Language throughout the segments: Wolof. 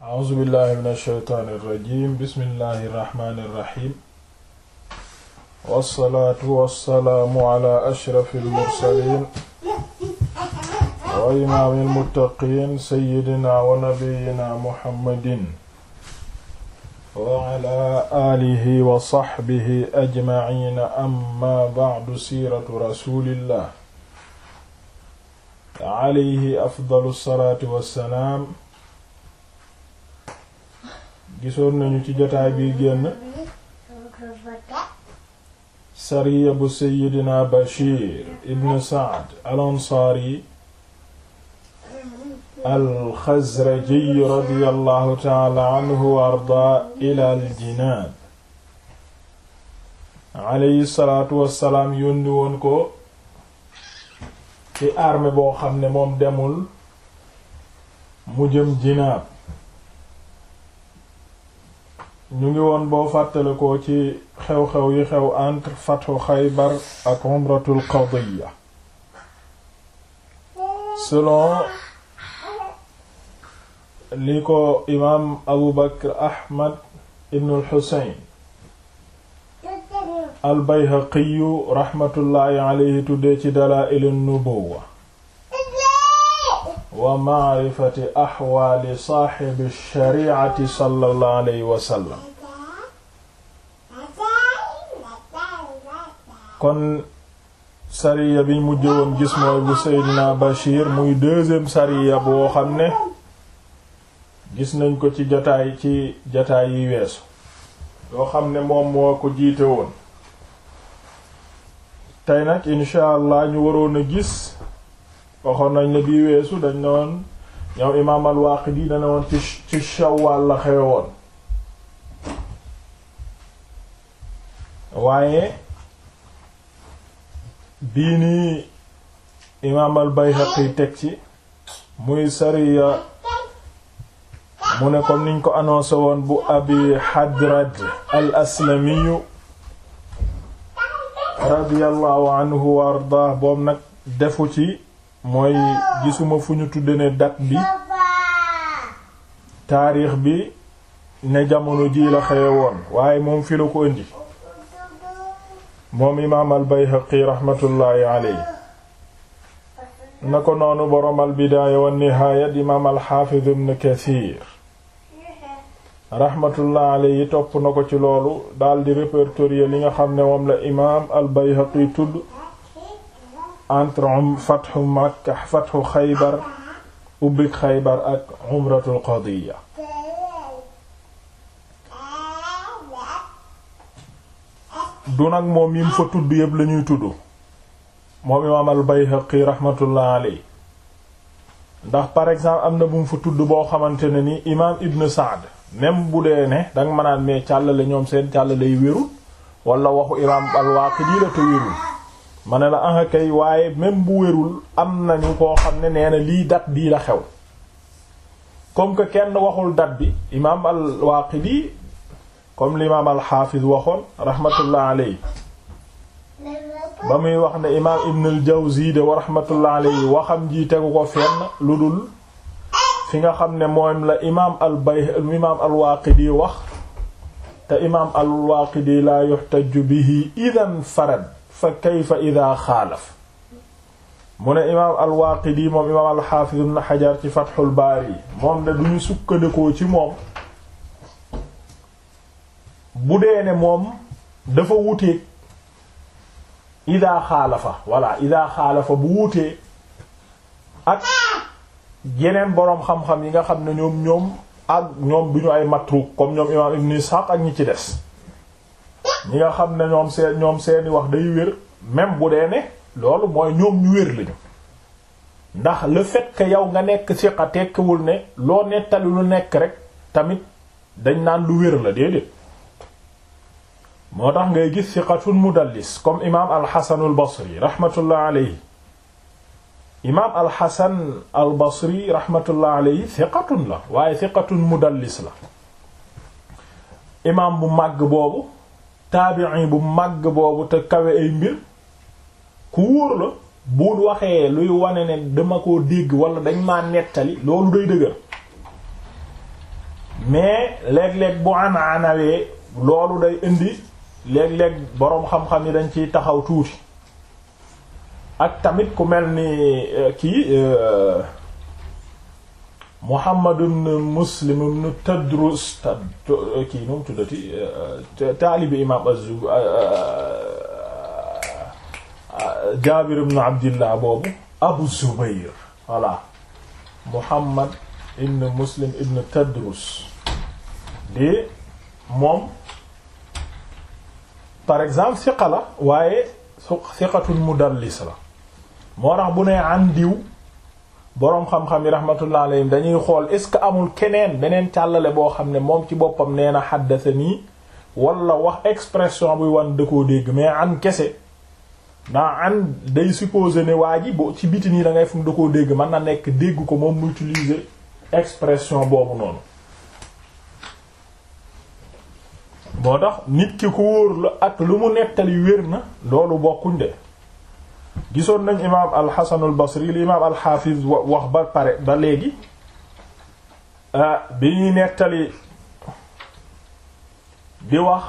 a'uuzu billahi min ashaytaani irrajim bismillahi irrahmani irrahim wassalaatu wassalaamu ala ashrafi almursalin wa imaami almuttaqiin sayyidina wa nabiyyina muhammadin wa ala aalihi wa sahbihi ajmaciina amma ba'du siiratu rasulillah alayhi afdalu salaatu wassalaam gisoon nañu ci jotaay bi génn sariya bu seydina bashir ibn saad al ansaari al xazraji radiyallahu taala anhu wa woon ko ci armée boo xam ne moom demul mu jëm jinaab ñu ngi woon boo fàttale ci xew-xew yi xew entre fathu Xaybar ak umratul qadiya selon li ko imaam Abu Bakr Ahmad ibn al-Husayn al-Bayhaqiyu rahmatullahi alayhi tuddee ci dalaa'il an-nubuwwa wa maarifati axwaali saaxibi shari'ati sallallahu alayhi kon sariya bi mujj woon gis mooy bu Seydina Bachir muy deuxième sariya boo xam ne gis nañ ko ci jotaay ci jotaay yi weesu yoo xam ne moom moo ko jiite woon tey nag incha allah ñu waroon a gis waxoon nañ la bii weesu dañ ne woon ñoom imaam al-Waaqidi dana woon ci ci Shawwal la xewe woon waaye bii nii imaam al teg ci muy sariya mu ne comme niñ ko annoncé woon bu Abi Hadrad al-Aslamiyu radiyallahu anhu wa ardaah boobu nag defu ci mooy gisuma fu ñu tudde ne date bi taarix bi ne jamono ji la xewe waaye moom fi la ko indi moom imaam al raxmatullaahi alayhi na ko noonu boroom al bidaaya wa nihaaya di imaam al xaafiz ibn Kasiir raxmatullaahi alayhi topp na ko ci loolu daldi répertorier li nga xam ne moom la imaam al Bayhaqi tudd entre um fatxu Makka fatxu Xaybar ubbik nag moom yim fa tudd yépp lañuy tudd moom imaam al-Bayhaqi rahmatullah alayhi ndax par exemple am na bu mu fa tudd boo xamante ne ni imaam Ibn Saad même bu dee ne danga mënaan mais càllale ñoom seen càllale yi wérul wala waxu imaam al-Waaqidi la te wérul ma ne la ah kay waaye même bu wérul am nañu koo xam ne nee lii dat bii la xew comme que kenn waxul dat bi imaam al-Waaqidi comme l'imam al-Hafiz waxoon rahmatullah alayhi ba muy wax ne imam Ibn al-Jawzi de wa rahmatullah alayhi waxam ji tegu ko fenn lu dul fi nga xam ne moom la imam al-Bay imam al-Waaqidi wax te imam al-Waaqidi la yuhtajju bihi idan farad fa kayfa ida xaalaf mu ne imaam al moom imaam al-Haafiz ibn Hajar ci Fathul Baari moom ne duñu sukkandikoo ci moom bu dee ne moom dafa wuteeg ida xaalafa walla ida xaalafa bu wutee ak yeneen boroom xam-xam yi nga xam ne ñoom ñoom ak ñoom du ñu ay matruk comme ñoom imaam Ibn Ishaq ak ñi ci des ñi nga xam ne ñoom seen ñoom seeni wax day wér même bu dee ne loolu mooy ñoom ñu wér lañu ndax le fait yow nga nekk siqa tekkiwul ne loo nettali lu nekk rek tamit dañ naan lu wér la déedéet moo tax ngay gis siqatun mudallis comme imaam alxasan al basri rahmatullah alayhi imaam alxasan al basri rahmatullah alayhi siqatun la waaye siqatun mudallis la imaam bu màgg boobu taabi'i bu màgg boobu te kawe ay mbir ku wóor la bu waxee luy wane ne dama koo dégg wala dañ ma nettali loolu day dëgër mais léeg-léeg bu ana anawee loolu day indi léeg-léeg boroom xam-xam yi dañ ciy taxaw tuuti ak tamit ku mel ni eh, kii eh, Muhammad ibn Muslim ibn Tadrus tad kii nu mu tuddati taalibi imaam Azzu euh, euh, Jaabir ibn Abdillah boobu Abu Zubayr voilà Muhammad ibn Muslim ibn Tadrus di moom par exemple siqa la waaye siqatun mudallis la moo tax bu nee an diw boroom xam-xam yi rahmatullah alayhim dañuy xool est ce que amul keneen beneen càllale boo xam ne moom ci boppam nee na xaddasanii wala wax expression buy wan da koo dégg mais an kese an day supposer ne waa ji bo ci biti nii da ngay fu mu dégg mën na nekk dégg ko moom mu utiliser expression boobu noonu boo tax nit ki ku wóor la ak lu mu nettali wér na loolu bokkuñ de gisoon nañ imaam alxasan albasri li imaam alxaafiz wax ba pare ba léegi ah, bi ñuy nettali bi wax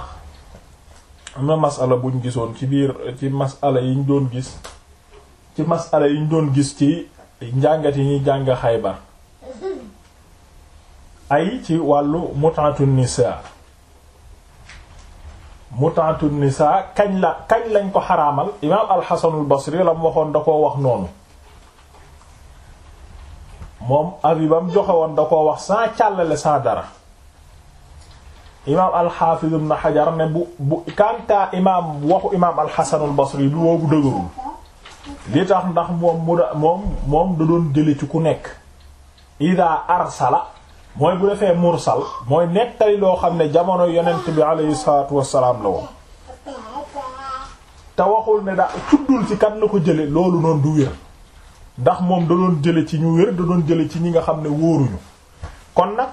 na masala buñ gisoon ci biir ci masala yiñ doon gis ci masala yiñ doon gis ci njàngat yi ñuy jàng xaybar ay ci wàllu mutaatu nisaa mut'atu nisaa kañ la kañ lañ ko xaraamal imaam alxasanul basri la mu waxoon da koo wax noonu moom abi ba mu joxe da koo wax sans càllale sans dara imaam alxaafiz ibn xajar ne bu bu kantaa imaam waxu imaam alxasanul basri bi boobu dëgërul li tax ndax moom mu da moom moom da doon jële ci ku nekk ida arsala mooy bu defee mursal mooy nettali loo xam ne jamono yonent bi alayhi salaatu wassalaam la woon te waxul ne daa tuddul ci kan la ko jële loolu noonu du wér ndax moom da jële ci ñu wér da doon jële ci ñi nga xam ne wóoruñu kon nag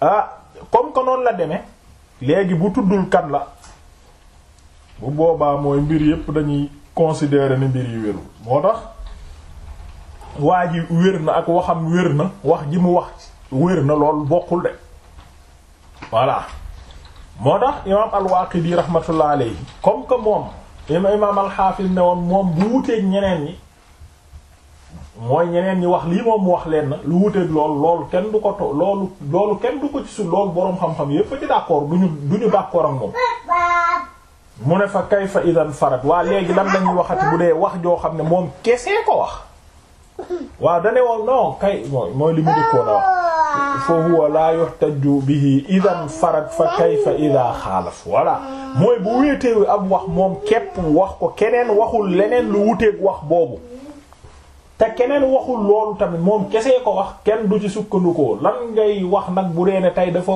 ah comme que noonu la demee léegi bu tuddul kan la bu boobaa mooy mbir yépp dañuy considérer ni mbir yi wérul moo tax waa ji wér na ak waxam wér na wax ji mu wax wér na loolu bokkul de voilà moo tax imaam al-Waaqidi rahmatullah alayhi comme que moom imaam al-Haafiz ne woon moom bu wuteeg ñeneen ñi mooy ñeneen ñi wax lii moom mu wax leen na lu wuteeg lool loolu kenn du ko to loolu loolu kenn du ko ci su loolu boroom xam-xam yépp a ci ñu duñu duñu d'accord ak moom mu ne fa kayfa idan farad waa léegi lan lañuy waxati bu dee wax joo xam ne moom kese ko wax waaw dane woon non kay mooy li mu dëkkoon a wax fa huwa la yuhtaju bihi idan farag fa kayfa ida xaalaf voilà mooy bu wéeteewu ab wax moom képp wax ko keneen waxul leneen lu wuteeg wax boobu te keneen waxul loolu tamit moom kesee ko wax kenn du ci sukkandikoo lan ngay wax nag bu dee ne tey dafa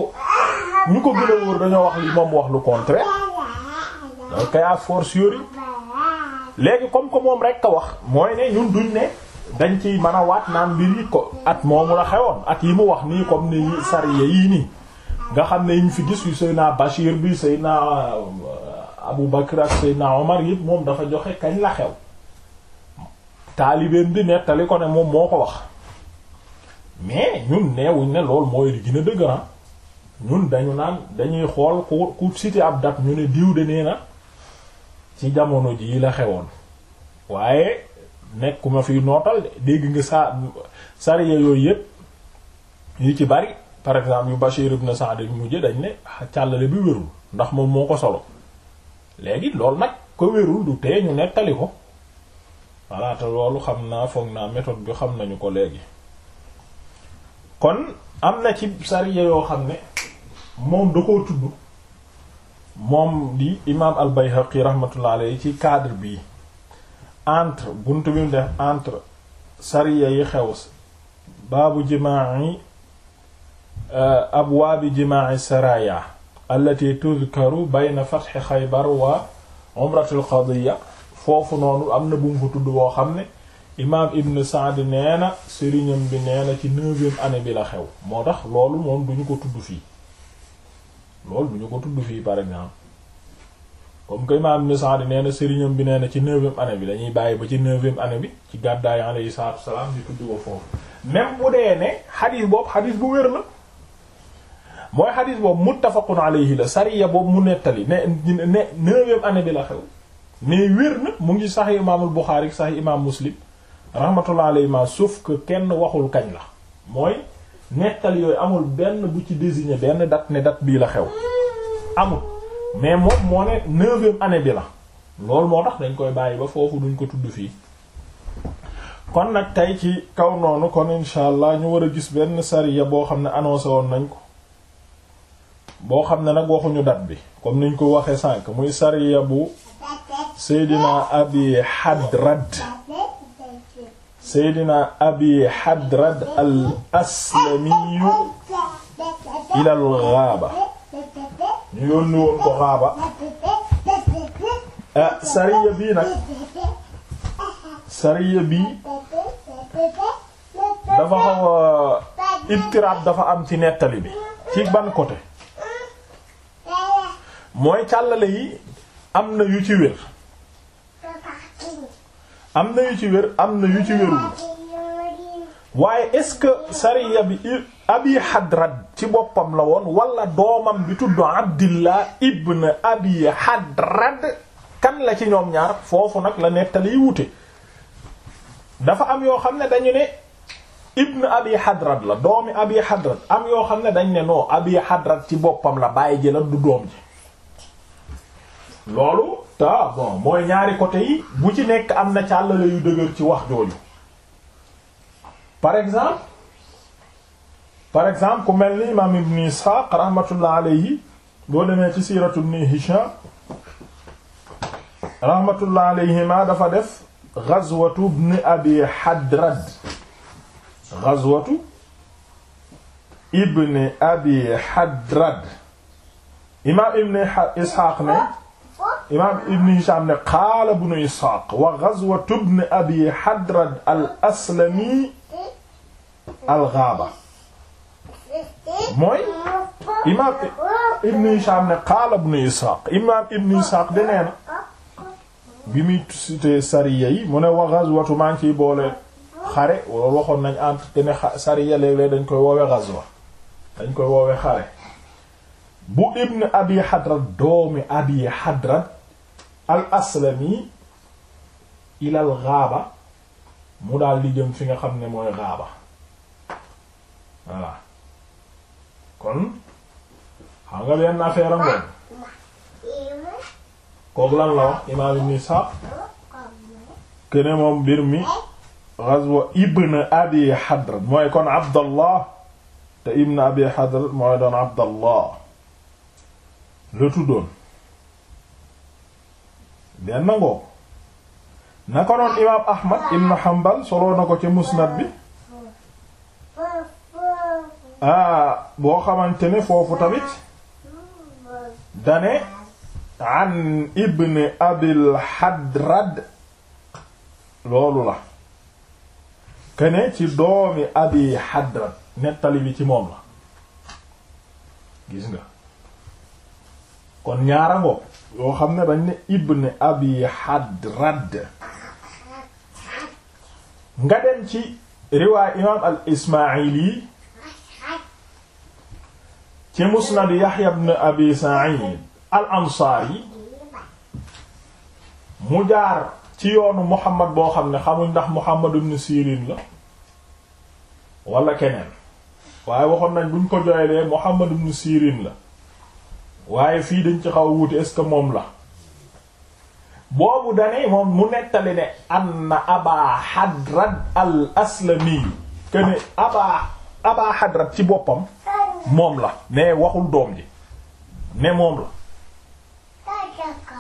ñu ko gën a wóor dañoo wax li wax lu contraire donc kay a fortiori léegi comme que moom rek a wax mooy ne ñun duñ ne dañ ci mën a waat naan mbir yi ko at moomu la xewoon at yi mu wax nii comme ni sariya yii nii nga xam ne ñu fi gis yu Seydina Bachir bi Seydina euh, Abu Bakr ak Seydina Omar yëpp moom dafa joxe kañ la xew taalibeem bi nettali ko ne moom moo ko wax mais ñun neewuñ ne loolu mooy li gën a na ah. ñun dañu naan dañuy xool ku ku cité ab date ñu ne diw de nee na ci jamono jii la xewoon waaye nekkuma fiy nootal de dégg nga saa sariya yooyu yëpp yu ci bari par exemple yu Bashir ibn Sa'd bi mujj dañ ne ah, càllale bi wérul ndax moom moo ko solo léegi loolu nag ko wérul du tee ñu nettali ko voilà loolu xam naa foog naa méthode bi xam nañu ko léegi kon am na ci sariya yoo xam ne moom da koo tudd moom di imaam al-Bayhaqi rahmatullah alayhi ci cadre bii entre buntu bi mu def entre sariya yi xew baabu jimaa'i abwaabi jimaa'i saraya allati tuzkaru bayna fatxi xaybar wa umratul qadiya foofu noonu am na bu mu tudd woo xam ne imaam ibn Saad nee na sëriñam bi nee na ci neuvième année bi la xew moo tax loolu moom duñu ko tudd fii loolu duñu ko tudd fii par exemple comme que imaam Ibn Sa'd nee na sëriñam bi nee na ci neuvième année dañuy bàyyi ba ci neuvième année bi ci gàddaay alayhi salaatu wasalaam ñu tudd ko foofu même bu dee ne xadiis boobu xadiis bu wér la mooy xadiis boobu muttafaqun alayhi la sariya boobu mu nettali ne ne neuvième année bi la xew mais wér na mu ngi sax imaamul Buxaari sax imaam Muslim rahmatullah alayhima sauf que kenn waxul kañ la mooy nettali yooyu amul benn bu ci désigné benn dat ne date bii la xew amul. mais moom moo ne neuvième année bi la loolu moo tax dañ koy bàyyi ba foofu duñ ko tudd fii kon nag tey ci kaw noonu kon incha ñu war a gis benn sariya boo xam ne annoncé woon nañ ko boo xam ne nag waxuñu dat bi comme niñ ko waxee sànq muy sariya bu Seydina Abi Hadrad Seydina Abi Hadrad al aslamiyu ilal ghaaba ñu yónni woon ko xaaba eh, sariya bii nag sariya bii dafa xawa ibtiraab dafa am ci nettali bi ci ban côté mooy càllale yi am na yu ci wér am na yu ci wér am na yu ci wérul waaye est-ce que sariya bi abi hadrad ci boppam la woon wala doomam bi tudd abdillah ibn abi hadrad kan la ci ñoom ñaar foofu nag la nettali wute dafa am yoo xam ne dañu ne ibn abi hadrad la doomi abi hadrad am yoo xam ne dañ ne non abi hadrad ci boppam la bàyyi ji du doom ji loolu ta mooy ñaari côté yi bu ci nekk am na càllale yu dëgër ci wax jooju par exemple par exemple ku mel ni imaam ibn Isxaaq rahmatullah alayhi boo demee ci siiratu ibn Hisham rahmatullah alayhima dafa def ghazwatu ibn abi hadrad ghazwatu ibn abi hadrad imaam ibn Isxaaq ne imaam ibn Hisham ne qaala ibn Isxaaq wa ghazwatu ibn abi hadrad al aslami al ghaaba mooy imaam Ibn Hisham ne qaala Ibn Ishaq imaam Ibn Ishaq de nee bi muy cité sariya yi mu ne wa ghazwatu maa ngi ciy boole xare wala waxoon nañ entre que ne sariya léeg-léeg dañ koy woowe ghazwa dañ koy woowe xare bu Ibn Abi Hadrad doomi Abi Hadrad al aslami ilal ghaaba mu daal di jëm fi nga xam ne mooy ghaaba voilà. kon xam nga benn affaire ngoon kooku lan la wax imaam ibn Isaaq kene moom mbir mi ghazwa ibn abi Hadr mooy kon Abdallah te ibn abi Hadr mooy doon Abdallah la tuddoon benn ngoo na ko noon imaam Ahmad ibn Hanbal soloo na ko ci musnad bi boo xamante ne foofu tamit dane an ibn abil hadrad loolu la kene ci doomi abi hadrad nettali bi ci moom gis nga kon ñaara ngoog yoo xam ne dañ ne ibn abi hadrad nga dem ci riwaay imaam al ismaili ci musnad Yahya ibn Abi Sa'id al-Ansari mu jaar ci yoonu Muhammad boo xam ne xamuñ ndax Muhammad ibn Sirin la wala keneen waaye waxoon nañ buñ ko jooylee Muhammad ibn Sirin la waaye fii dañ ci xaw a wuute est moom la boobu dane moom mu nettali ne anna Aba Hadrad al-Aslami kene Aba Aba ci boppam moom la mais waxul doom ji ne moom la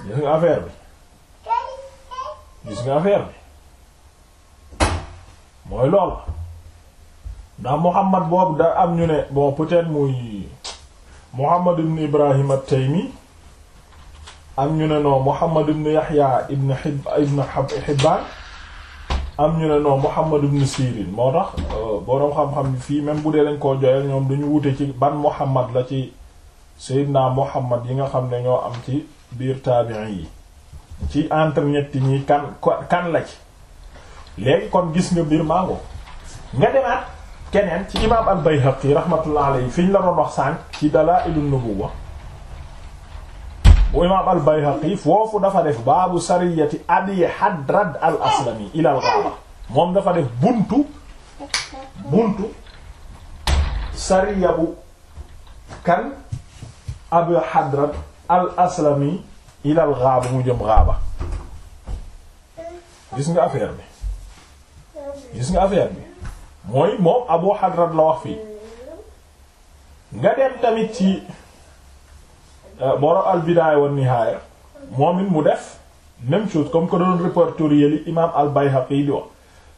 gis nga affaire bi gis nga affaire bi mooy lool ndax Muhammad boobu da am ñu ne bon peut-être muy Muhammad ibn Ibrahim at-Taymi am ñu ne non Muhammad ibn Yahya ibn Hib ibn Hibban am ñu ne non Muhammad ibn Sirin moo tax euh, boroom xam-xam fii même bu dee dañ koo joyal ñoom dañu wute ci ban Muhammad la ci Seydina Muhammad yi nga xam ne ñoo am ci biir taabi'in yi ci entre ñetti ñi kan kan la ci léegi kon gis nga biir mango nga demaat keneen ci imaam al-Bayhaqi rahmatullah alayhi fi ñu la doon wax sànq ci Dalaa'ilun Nubuwwa bu imaam al Bayhaqi foofu dafa def baabu sariyati abi hadrad al aslami ila al ghaaba moom dafa def buntu sariya bu kan abi hadrad al aslami ila al ghaaba mu jëm ghaaba gis nga affaire bi gis nga affaire bi mooy moom abu hadrad la nga dem tamit ci boro euh, al bidaaya wan nihaaya moom mu def même chose comme doon répertorier li imaam al bayhaqi di wax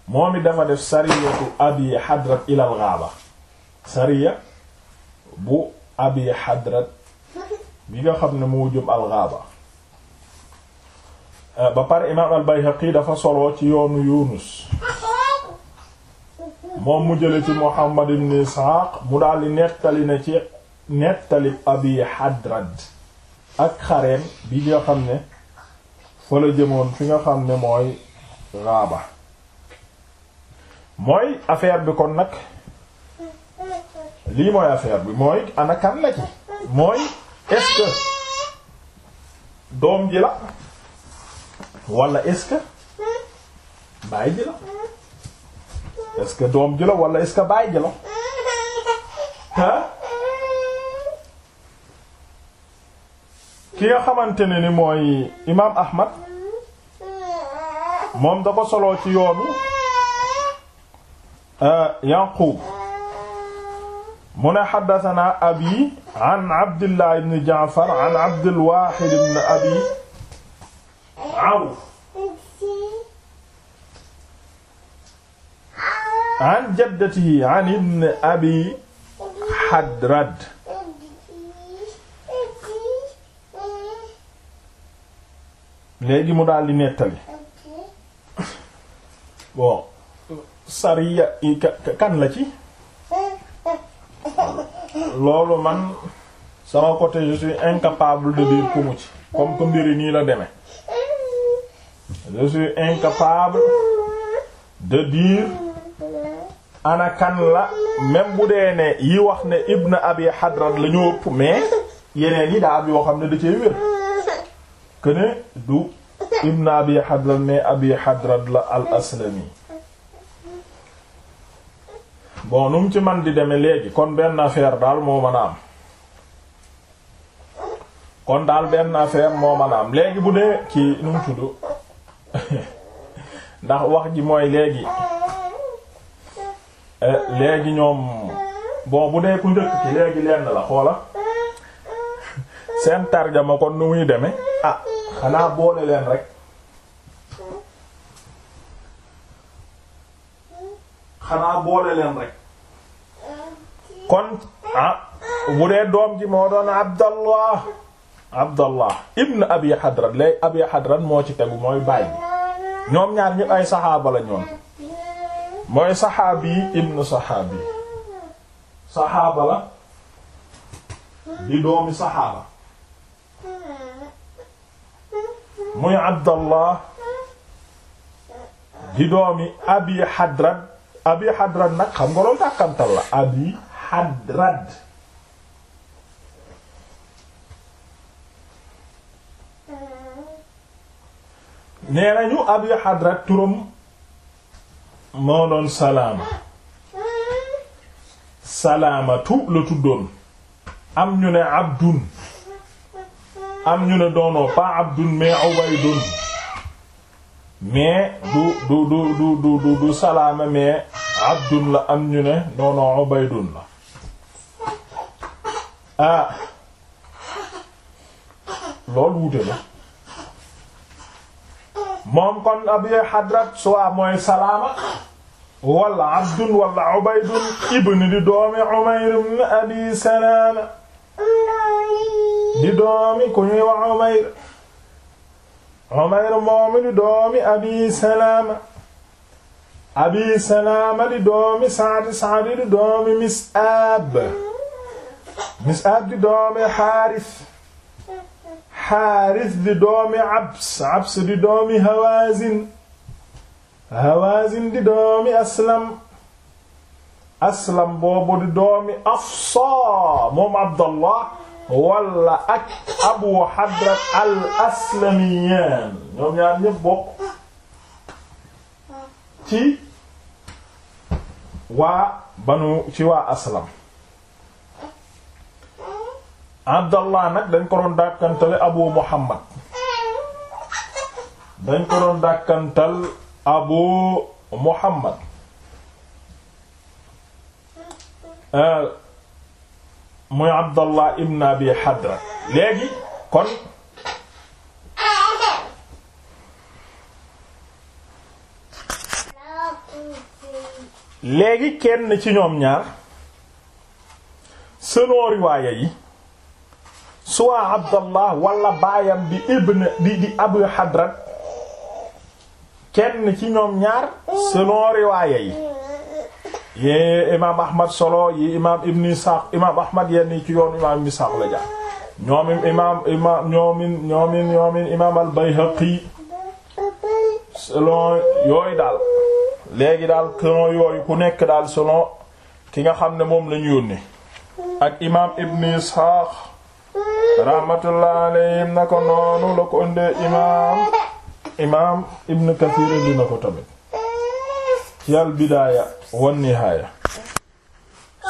moom it dafa def sariyatu abi hadrat ilal gaaba sariya bu abi hadrat bi nga xam ne mu jëm al gaaba euh, ba pare imaam al bayhaqi dafa soloo ci yoonu yunus moom mu jële ci muhammad ibn ishaaq mu daal di nettali na ci nettalib abi hadrad ak xareem bi nga xam ne fa la jëmoon fi nga xam ne mooy raaba mooy affaire bi kon nag lii mooy affaire bi mooy ana kan la ci mooy est-ce doom jila la walla est que baay ji la est doom jila wala walla est baay ji la ki nga xamante ne ni mooy imaam Ahmad moom da ko soloo ci yoonu euh, Yanqub mu ne xaddasanaa abi an Abdillah ibn Jaafar an Abdul Waahid ibn Abi Awf an jaddatihi an ibn Abi Hadrad léegi mu daal di nettali bo sariya kan la ci loolu man sama côté je suis incapable de dire ku mu ci comme que mbiri nii la demee je incapable de dire ana la même bu dee ne yi wax ne Ibn Abi Hadrad la ëpp mais yeneen yi daa am yoo xam ne da cee wér. këne du ibn abi hadrad mais abi hadrad la al aslami bon nu mu ci man di deme léegi kon benn affaire daal moo mën a am kon daal benn affaire moo mën a am léegi bu dee ki nu mu tudd ndax wax ji mooy léegi eh, léegi ñoom bon bu dee ku njëkk ki léegi lenn la xoola seen tarjama kon nu muy deme ah xanaa boole leen rek boole leen kon ah bu dee doom ji moo doon Abdallah Abdallah ibn Abi Hadrat lay Abi Hadrat moo ci tegu mooy baay bi ñoom ñaar ñëpp ay saxaaba la ñoon mooy saxaabi ibn saxaabi saxaaba la di doomi saxaaba muy abdallah di doomi abi hadrad abi hadrad nag xam nga loolu tàkkantal la abi hadrad nee nañu abi hadrad turam moo doon salaama salaamatu la tuddoon am ñu ne abdun am ñu ne doonoo pas abdun mais ubaydun mais du du du du du salaama mais abdun la am ñu ne doonoo ubaydun la ah loolu wuute la moom kon ab yooy xadrat soit mooy salaama wala abdun wala ubaydun ibn di doomi umayr ibn abi di doomi ku ñuy wax Umayr Umayr moomi di doomi Abi Salaama Abi Salaama di doomi Saad Saad di doomi Mis'ab Mis'ab di doomi Haaris Haaris di doomi Abs Abs di doomi Hawaazin Hawaazin di doomi Aslam Aslam boobu di doomi Afsa moom Abdallah wala ak abu hadrat al aslamiyan ñoom ñaar ñëpp bokk ci waa banu ci waa aslam abdallah nag dañ ko doon dàkkantale abu muhammad dañ ko doon dàkkantal abu muhammad euh, mooy abdallah ibn abi hadra léegi kon léegi kenn ci ñoom ñaar sënoo riwaaya yi soit abdallah wala baayam di ibn di di kenn ci ñoom ñaar sënoo riwaaya yi yi imaam ahmad solo yi imaam ibn Isaaq imaam ahmad yenn ci yoon imaam ibn Isaaq la jaar ñoomin imaam ñoomin ñoomin imaam al-Bayhaqi selon yooyu daal léegi daal selon yooyu ku nekk daal solo ki nga xam ne moom lañu yónnee ak imaam ibn Isaaq rahmatullah alayhim na ko noonu la ko ëndee imaam imaam ibn Kathir dina ko tamit ci al bidaaya wan nihaaya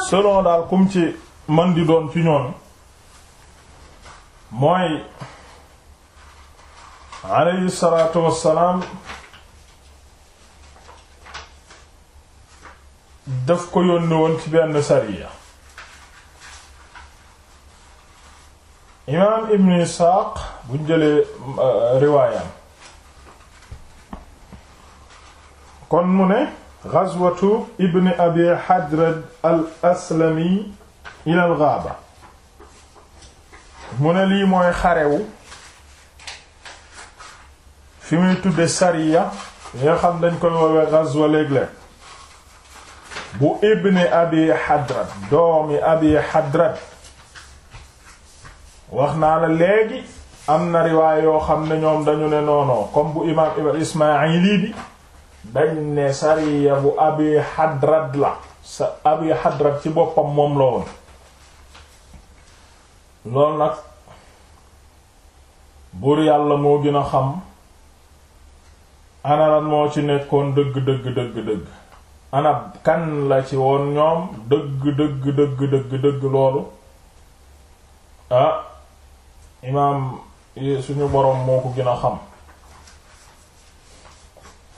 selon daal kum ci man di doon ci ñoon mooy alayhi salaatu wassalaam daf ko yónni woon ci benn sariya imaam ibn isxaaq buñ jëlee euh, riwaayam kon mu ne ghazwatu ibn abi hadrad al aslami ila al ghaaba mu ne lii mooy xarewu fi muy tudde sariya nga xam dañ koy woowee ghazwa léeg-léeg bu ibn abi hadrad doomi abi hadrad wax naa la léegi am na riwaay yoo xam ne ñoom dañu ne noonoo comme bu imaam ismaayili bi dañ ne sariya bu abi hadrad la sa abi hadrad ci boppam moom la woon loolu nag buur yàlla moo gën a xam ana moo ci nekkoon dëgg dëgg dëgg dëgg ana kan la ci woon ñoom dëgg dëgg dëgg dëgg loolu ah, imaam suñu boroom moo ko gën a xam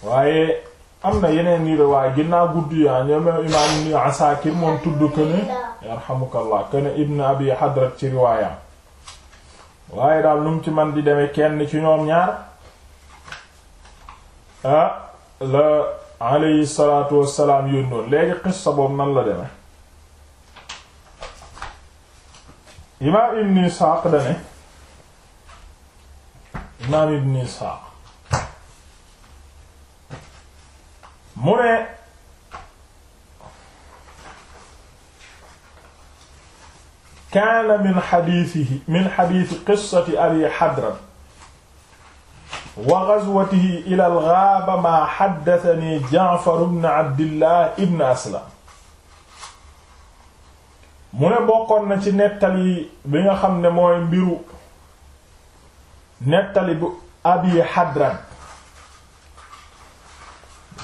waaye am na yeneen nii la waaye ginnaaw guddi yaa ñoom imaam Ibn Asakir moom tudd këne yarhamukallah këne Ibn Abi Hadrat ci riwaayam waaye daal nu mu ci man di deme kenn ci ñoom ñaar ah la alayhi salaatu wassalaam yónnoon léegi xissa boobu nan la deme imaam Ibn Isxaaq dane imaam Ibn Isxaaq mu ne kaana min xadiisihi min xadiisi qissati abi xadram wa gazwatihi ila al-gaaba maa xaddasanii Jaafar ibn Abdillah ibn Aslam mu ne bokkoon na ci nettali bi nga xam ne mooy mbiru nettali bu abi xadram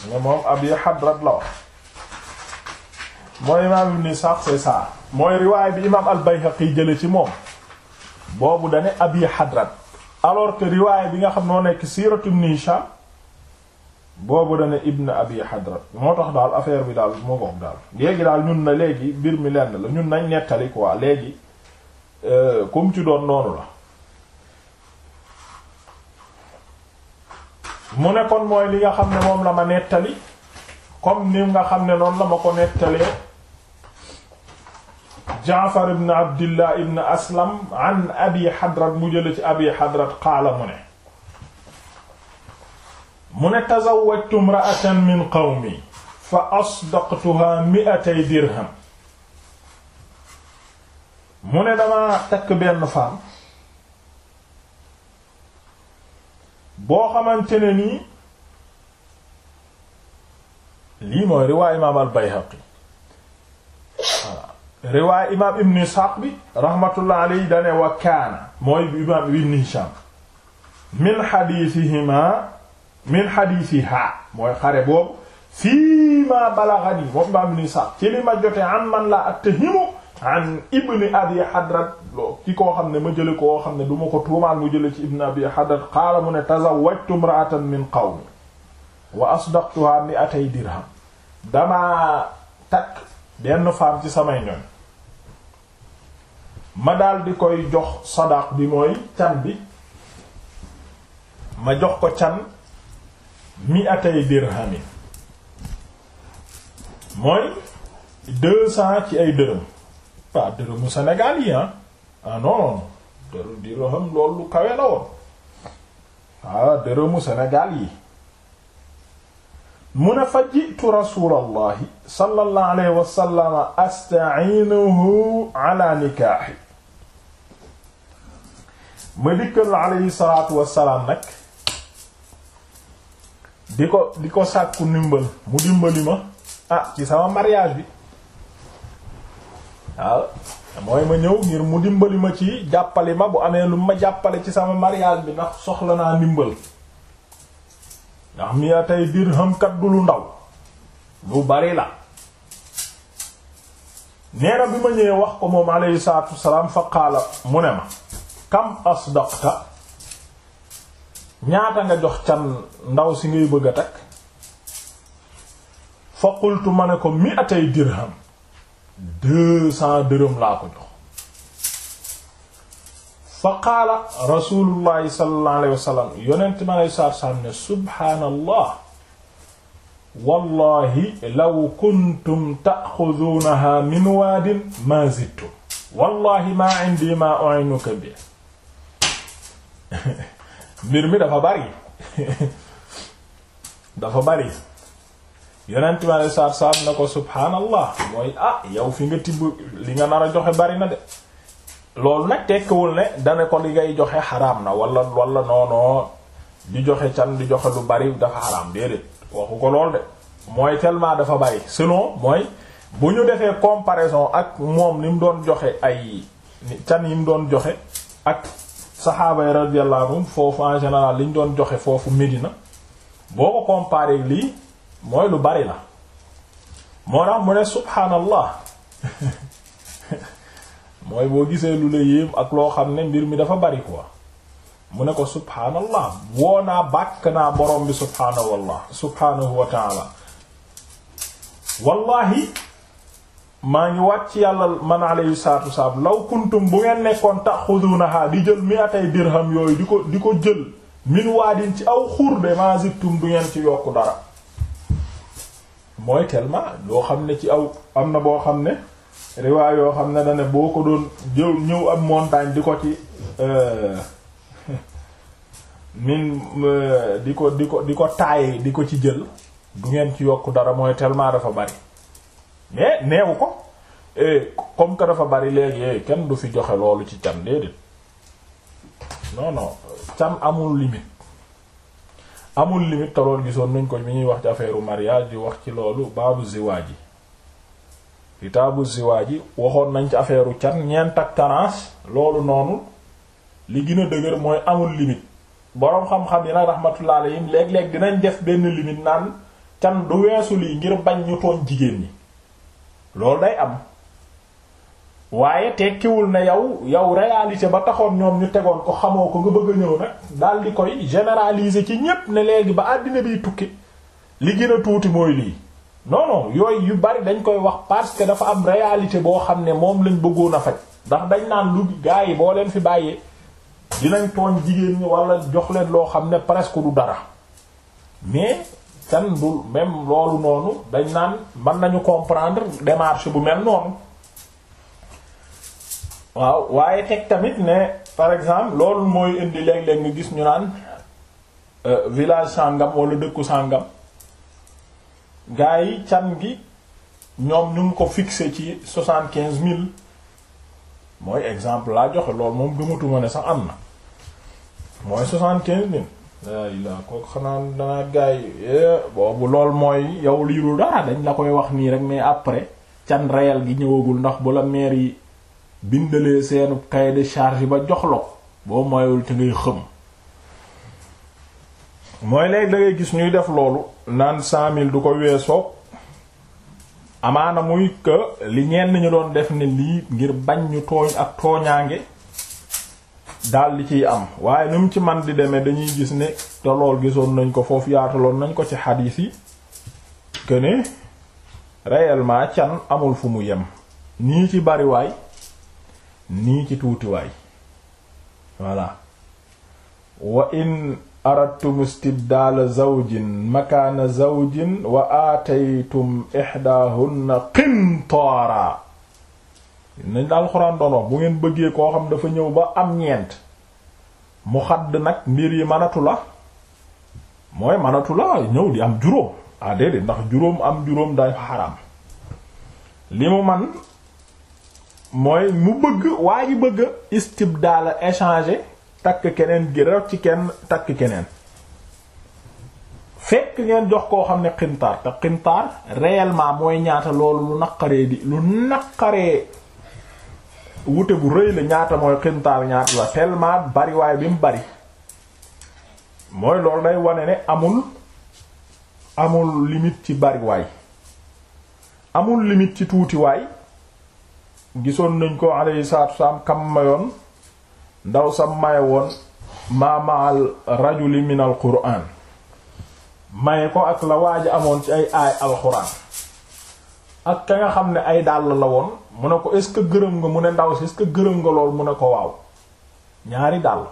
ne moom abi hadrat la mooy imaam ibn Isaaq c'est ça mooy riwaay bi imaam al-Bayhaqi jële ci moom boobu dane abi hadrat alors que riwaay bi nga xam noo nekk siiratu ibn Hishaam boobu dane ibn abi hadrat moo tax daal affaire bi daal moo bokk daal léegi daal ñun na léegi mbir mi lenn la ñun nañ nettali quoi léegi comme euh, ci doon noonu la mu ne kon mooy li nga xam ne moom la ma nettali comme ni nga xam ne noonu la ma ko nettalee Jaafar ibn Abdillah ibn Aslam Abi Hadrat mu jële ci Abi Hadrat qaala mu ne mu ne tazawwajtu imra'atan min qawmi fa asdaqtuha dirham mu ne dama takk benn femme boo xamante ne nii lii mooy riwaay imaam al Bayhaqi voilà riwaay imaam Ibn Ishaq bi rahmatullah alayhi dane wa mooy Ibn Hisham min xadiisihima min xadiisihaa mooy xare boobu fii ma balaghani moom imaam Ibn Ishaq ci jote an man la attahimu an ibni abi hadrat loo ki koo xam ne ma jële koo xam ne duma ko tuumaal mu jële ci ibn abi hadar qaala mu ne tazawwajtu imra'atan min qawmi wa asdaqtuha mi'atay dirham damaa takk benn femme ci samay ñoñ ma daal di koy jox sadaq bi mooy can bi ma jox ko can mi'atay dirhamin mooy deux ci ay dërëm pas dërëmu Sénégal ah non dër dirham loolu lu kawe la woon ah dërëmu Sénégal yi mu ne fa rasulallahi sallallahu alayhi wa sallam asta'inuhu nikaahi ma dikkal alayhi salaatu wa nag di ko di ko sàkku ndimbal mu dimbali ma ah ci sama mariage bi ah. mooy ma ñëw ngir mu dimbali ma ci jàppali ma bu amee lu ma jàppale ci sama mariage bi ndax soxla naa ndimbal ndax mi a tey du lu ndaw lu bari la neera bi ma ñëwee wax ko moom alayhi salaatu wasalaam fa mu ne ma kam asdaqta ñaata nga jox can ndaw si ngay bëgg a takk fa ma ne ko mi atay dirham deux cents dërëm laa ko jox fa qaala rasulullahi sallallahu alayhi wa sallam yonent mi alayhi salaatu wa salaam ne subhaanallah wallahi law kuntum taaxuduunaha min waadin maa zittum wallahi maa indi maa u'inuka bi mbir mi dafa bari dafa bari yonent bi alei saatu salaam ne ko subhaanallah mooy ah yow fi nga tibb li nga nar a joxe bari na de loolu nag tekkiwul ne dana ko li ngay joxe xaraam na wala walla noonoo di joxe can di joxe lu bari dafa xaraam déedéet waxu ko lool de mooy tellement dafa bari sinon mooy bu ñu defee comparaison ak moom li mu doon joxe ay can yi mu doon joxe ak saxaaba yi radiyallahu anhum foofu en général li ñu doon joxe foofu Medina boo ko comparé lii mooy lu bari la moo tax mu ne subhaanallah mooy boo gisee lu la yéem ak loo xam ne mbir mi dafa bari quoi mu ne ko subhaanallah woo naa bàkk naa borom bi subhaanahu wallah subhaanahu wa taala wallahi maa ngi wàcc yàlla man alayhi salaatu wasalaam law kuntum bu ngeen nekkoon taxudunaha di jël mi atay dirham yooyu di ko di ko jël min waadin ci aw xurde ma zittum du ngeen ci yokku dara mooy tellement loo xam ne ci aw am na boo xam ne riwaay yoo xam ne dane boo ko doon jëw ñëw ak montagne di ko ci euh, min euh, di ko di ko di ko taaye di ko ci jël du ngeen ci yokk dara mooy tellement dafa bari mais neewu ko eh, comme que dafa bari léegi eh, kenn du fi joxe loolu ci cam déedéet non non cam amul limite amul limite te loolu gisoon nañ ko mi ñuy wax ci affaire mariage di wax ci loolu baabu ziwaaj ji kitaabu ziwaaj yi waxoon nañ ci affaire can ñeent ak tanaas loolu noonu li gën dëgër mooy amul limite boroom xam-xam yi na rahmatullah yi léeg-léeg dinañ def benn limite naan can du weesu lii ngir bañ ñu tooñ jigéen ñi loolu day am waaye tekkiwul na yow yow réalité ba taxoon ñoom ñu tegoon ko xamoo ko nga bëgg a nag daal di koy généraliser ci ñépp ne léegi ba àddina biy tukki li gën a tuuti mooy lii non non yooyu yu bari dañ koy wax parce que dafa am réalité boo xam ne moom lañ bëggoon a faj ndax dañ naan lu gaa yi boo leen fi bàyyee dinañ tooñ jigéen ñi wala jox leen loo xam ne presque du dara mais kan du même loolu noonu dañ naan mën nañu comprendre démarche bu mel noonu. waaw waaye teg tamit ne par exemple loolu mooy indi léeg-léeg nga gis ñu naan euh, village sàngam wala dëkku sàngam gaa yi can gi ñoom ñu ngi ko fixé ci soixante quinze mille mooy exemple laa joxe loolu moom dumatuma ne sax am na mooy soixante quinze mille waaye laa kooku xanaa danaa gaa yi eh, boobu lool mooy yow liiru dara dañ la koy wax nii rek mais après can réel gi ñëwagul ndax bu la maire yi bindalee seenu cahier de charge ba jox la boo moyul te ngay xëm mooy léegi da gis ñuy def loolu naan cent mille du ko weesoo amaana muy que li ñenn ñu doon def ne lii ngir bañ ñu tooñ ak tooñaange daal di ciy am waaye nu mu ci man di deme dañuy gis ne te lool gisoon nañ ko foofu yaataloon nañ ko ci xadiis yi que ne réellement can amul fu mu yem nii ci bariwaay nii ci tuutiwaay voilà wa in aradtum istibdaala zawjin makaana zawjin wa aataytum ihdaahunna qintaara nañ daal doon wax bu ngeen bëggee koo xam dafa ñëw ba am ñeent mu xadd nag mbir yi manatu la mooy manatu la ñëw di am juróom ah déedéet ndax juróom am juróom day xaraam li mu man mooy mu bëgg waa ji bëgg istibdaala échanger takk keneen gi ref ci kenn takk keneen fekk ngeen jox koo xam ne xintaar te xintaar réellement mooy ñaata loolu lu naqaree di lu naqaree wute bu rëy la ñaata mooy xintaar ñaata la tellement bari waaye bi mu bari mooy loolu day wane ne amul amul limite ci bari amul limite ci tuutiwaay gisoon nañ ko alayhi salaatu wasalaam kam mayoon ndaw sa maye woon maa maal rajuli min al quraan maye ko ak la waaj amoon ci ay aay alxuraan ak ka nga xam ne ay dàll la woon mu ne ko est-ce que gërëm nga mu ne ndaw si est-ce gërëm nga lool mu ne ko waaw ñaari dàll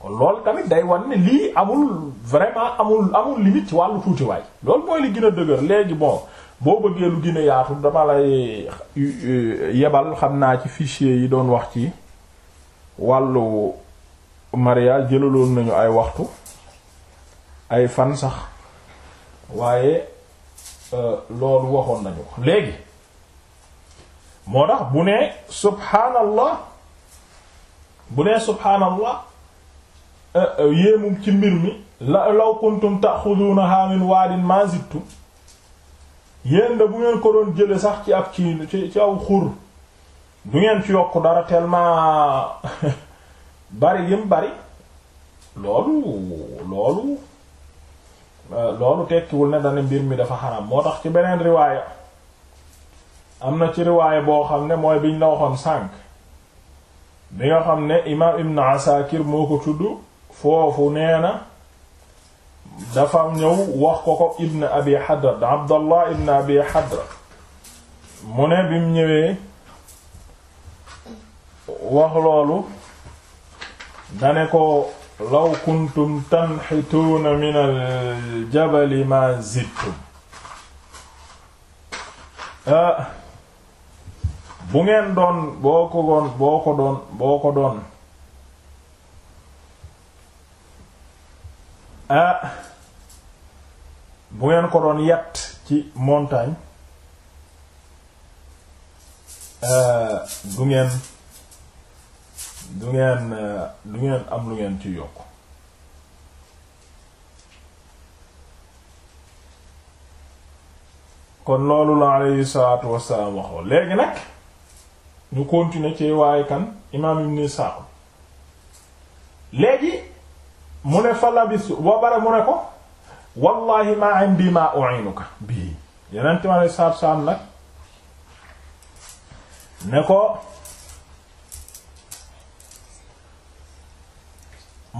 kon loolu tamit day wan ne lii amul vraiment amul amul limite ci wàllu tuutiwaay lool mooy li gën a dëgër léegi bon boo bëggee lu gën a yaatu dama lay euh, euh, yebal xam naa ci fichier yi doon wax ci wàllu mariage jëlaloon nañu ay waxtu ay fan sax waaye euh, loolu waxoon nañu ko léegi moo tax bu nee subhaanallah bu nee subhaanallah yéemum ci mbir mi la law kuntum ta'khudunaha min waadin ma zittum yéen da bu ngeen ko doon jële sax ci ak ci ci ci aw xur du ngeen ci yokk dara tellement bari yim bari loolu loolu euh, loolu tekkiwul ne dana mbir mi dafa xaram moo tax ci beneen riwaaya am na ci riwaaya boo xam ne mooy biñ la waxoon sànq bi nga xam ne imaam Ibn Asakir moo ko tudd foofu nee na dafa ñëw wax ko ko ibn abi hadrat abdallah ibn abi hadrat mu ne bim ñëwee wax loolu dane ko law kuntum tanxituuna min aljabali ma zidtum ah, bu ngeen doon boo ko doon boo ko doon boo ko doon ah bu ngeen ko doon yat ci montagne ah, du ngeen du ngeen du ngeen am lu ngeen ci yokk kon loolu la alayhi salaatu wassalaam waxoon léegi nag ñu continuer ci waaye kan imaam ibn Sa'd léegi mu ne fa labistu boo bare mu ne ko wallahi ma indi ma u'inuka bii yeneen time ale saab saab nag ne ko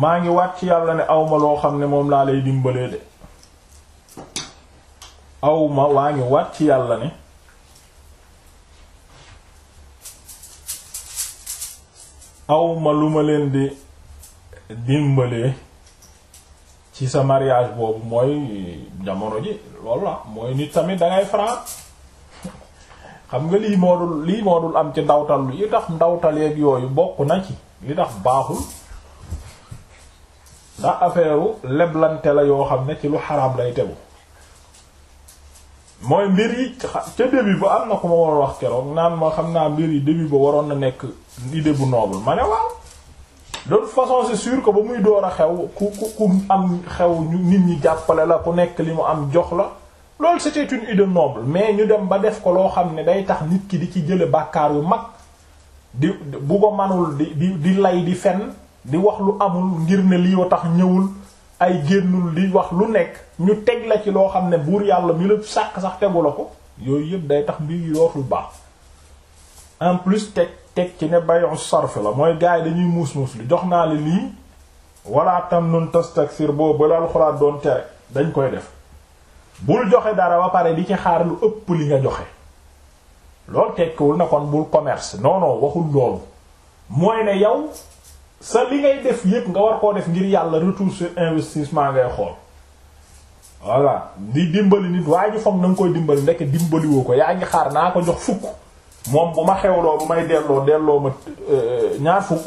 maa ngi ci yàlla ne awma loo xam ne moom laa lay dimbalee de awma waa ngi ci yàlla ne awma lu ma leen di dimbalee ci sa mariage boobu mooy jamono ji loolu la mooy nit tamit dangay franc xam nga lii moo dul lii moo dul am ci ndawtal yi tax ndawtal yooyu bokk na ci li tax baaxul ndax affaire leblante la yoo xam ne ci lu xaraam lay tegu mooy mbir yi ca début ba am na ku ma war wax keroog naan ma xam naa mbir yi début ba waroon na nekk idée bu noble ma ne waaw de toute façon c'est sûr que ba muy door a xew ku ku ku am xew ñu nit ñi jàppale la ku nekk li mu am jox la loolu c'était une idée noble mais ñu dem ba def ko loo xam ne day tax nit ki di ci jële bàkkaar yu mag di bu ko manul di di di lay di fenn di wax lu amul ngir ne lii wa tax ñëwul ay génnul di wax lu nekk ñu teg la ci loo xam ne buur yàlla mi la sàkk sax tegu la ko yooyu yëpp day tax mbir yi dootul baax en plus teg teg ci ne bayu sarf la mooy gaay dañuy muus muus li jox naa la lii wala tam nun tastaksir boobu balaa alxuraan doon tere dañ koy def bul joxe dara ba pare di ci xaar lu ëpp li nga joxe loolu tekkiwul na kon bul commerce non waxul loolu mooy ne yow sa li ngay def yépp nga war koo def ngir yàlla retour sur investissement ngay xool voilà di dimbali nit waaye ñu foog na koy dimbali ndekk dimbaliwoo ko yaa ngi xaar naa ko jox fukk moom bu ma xewloo bu may delloo delloo ma euh, ñaar fukk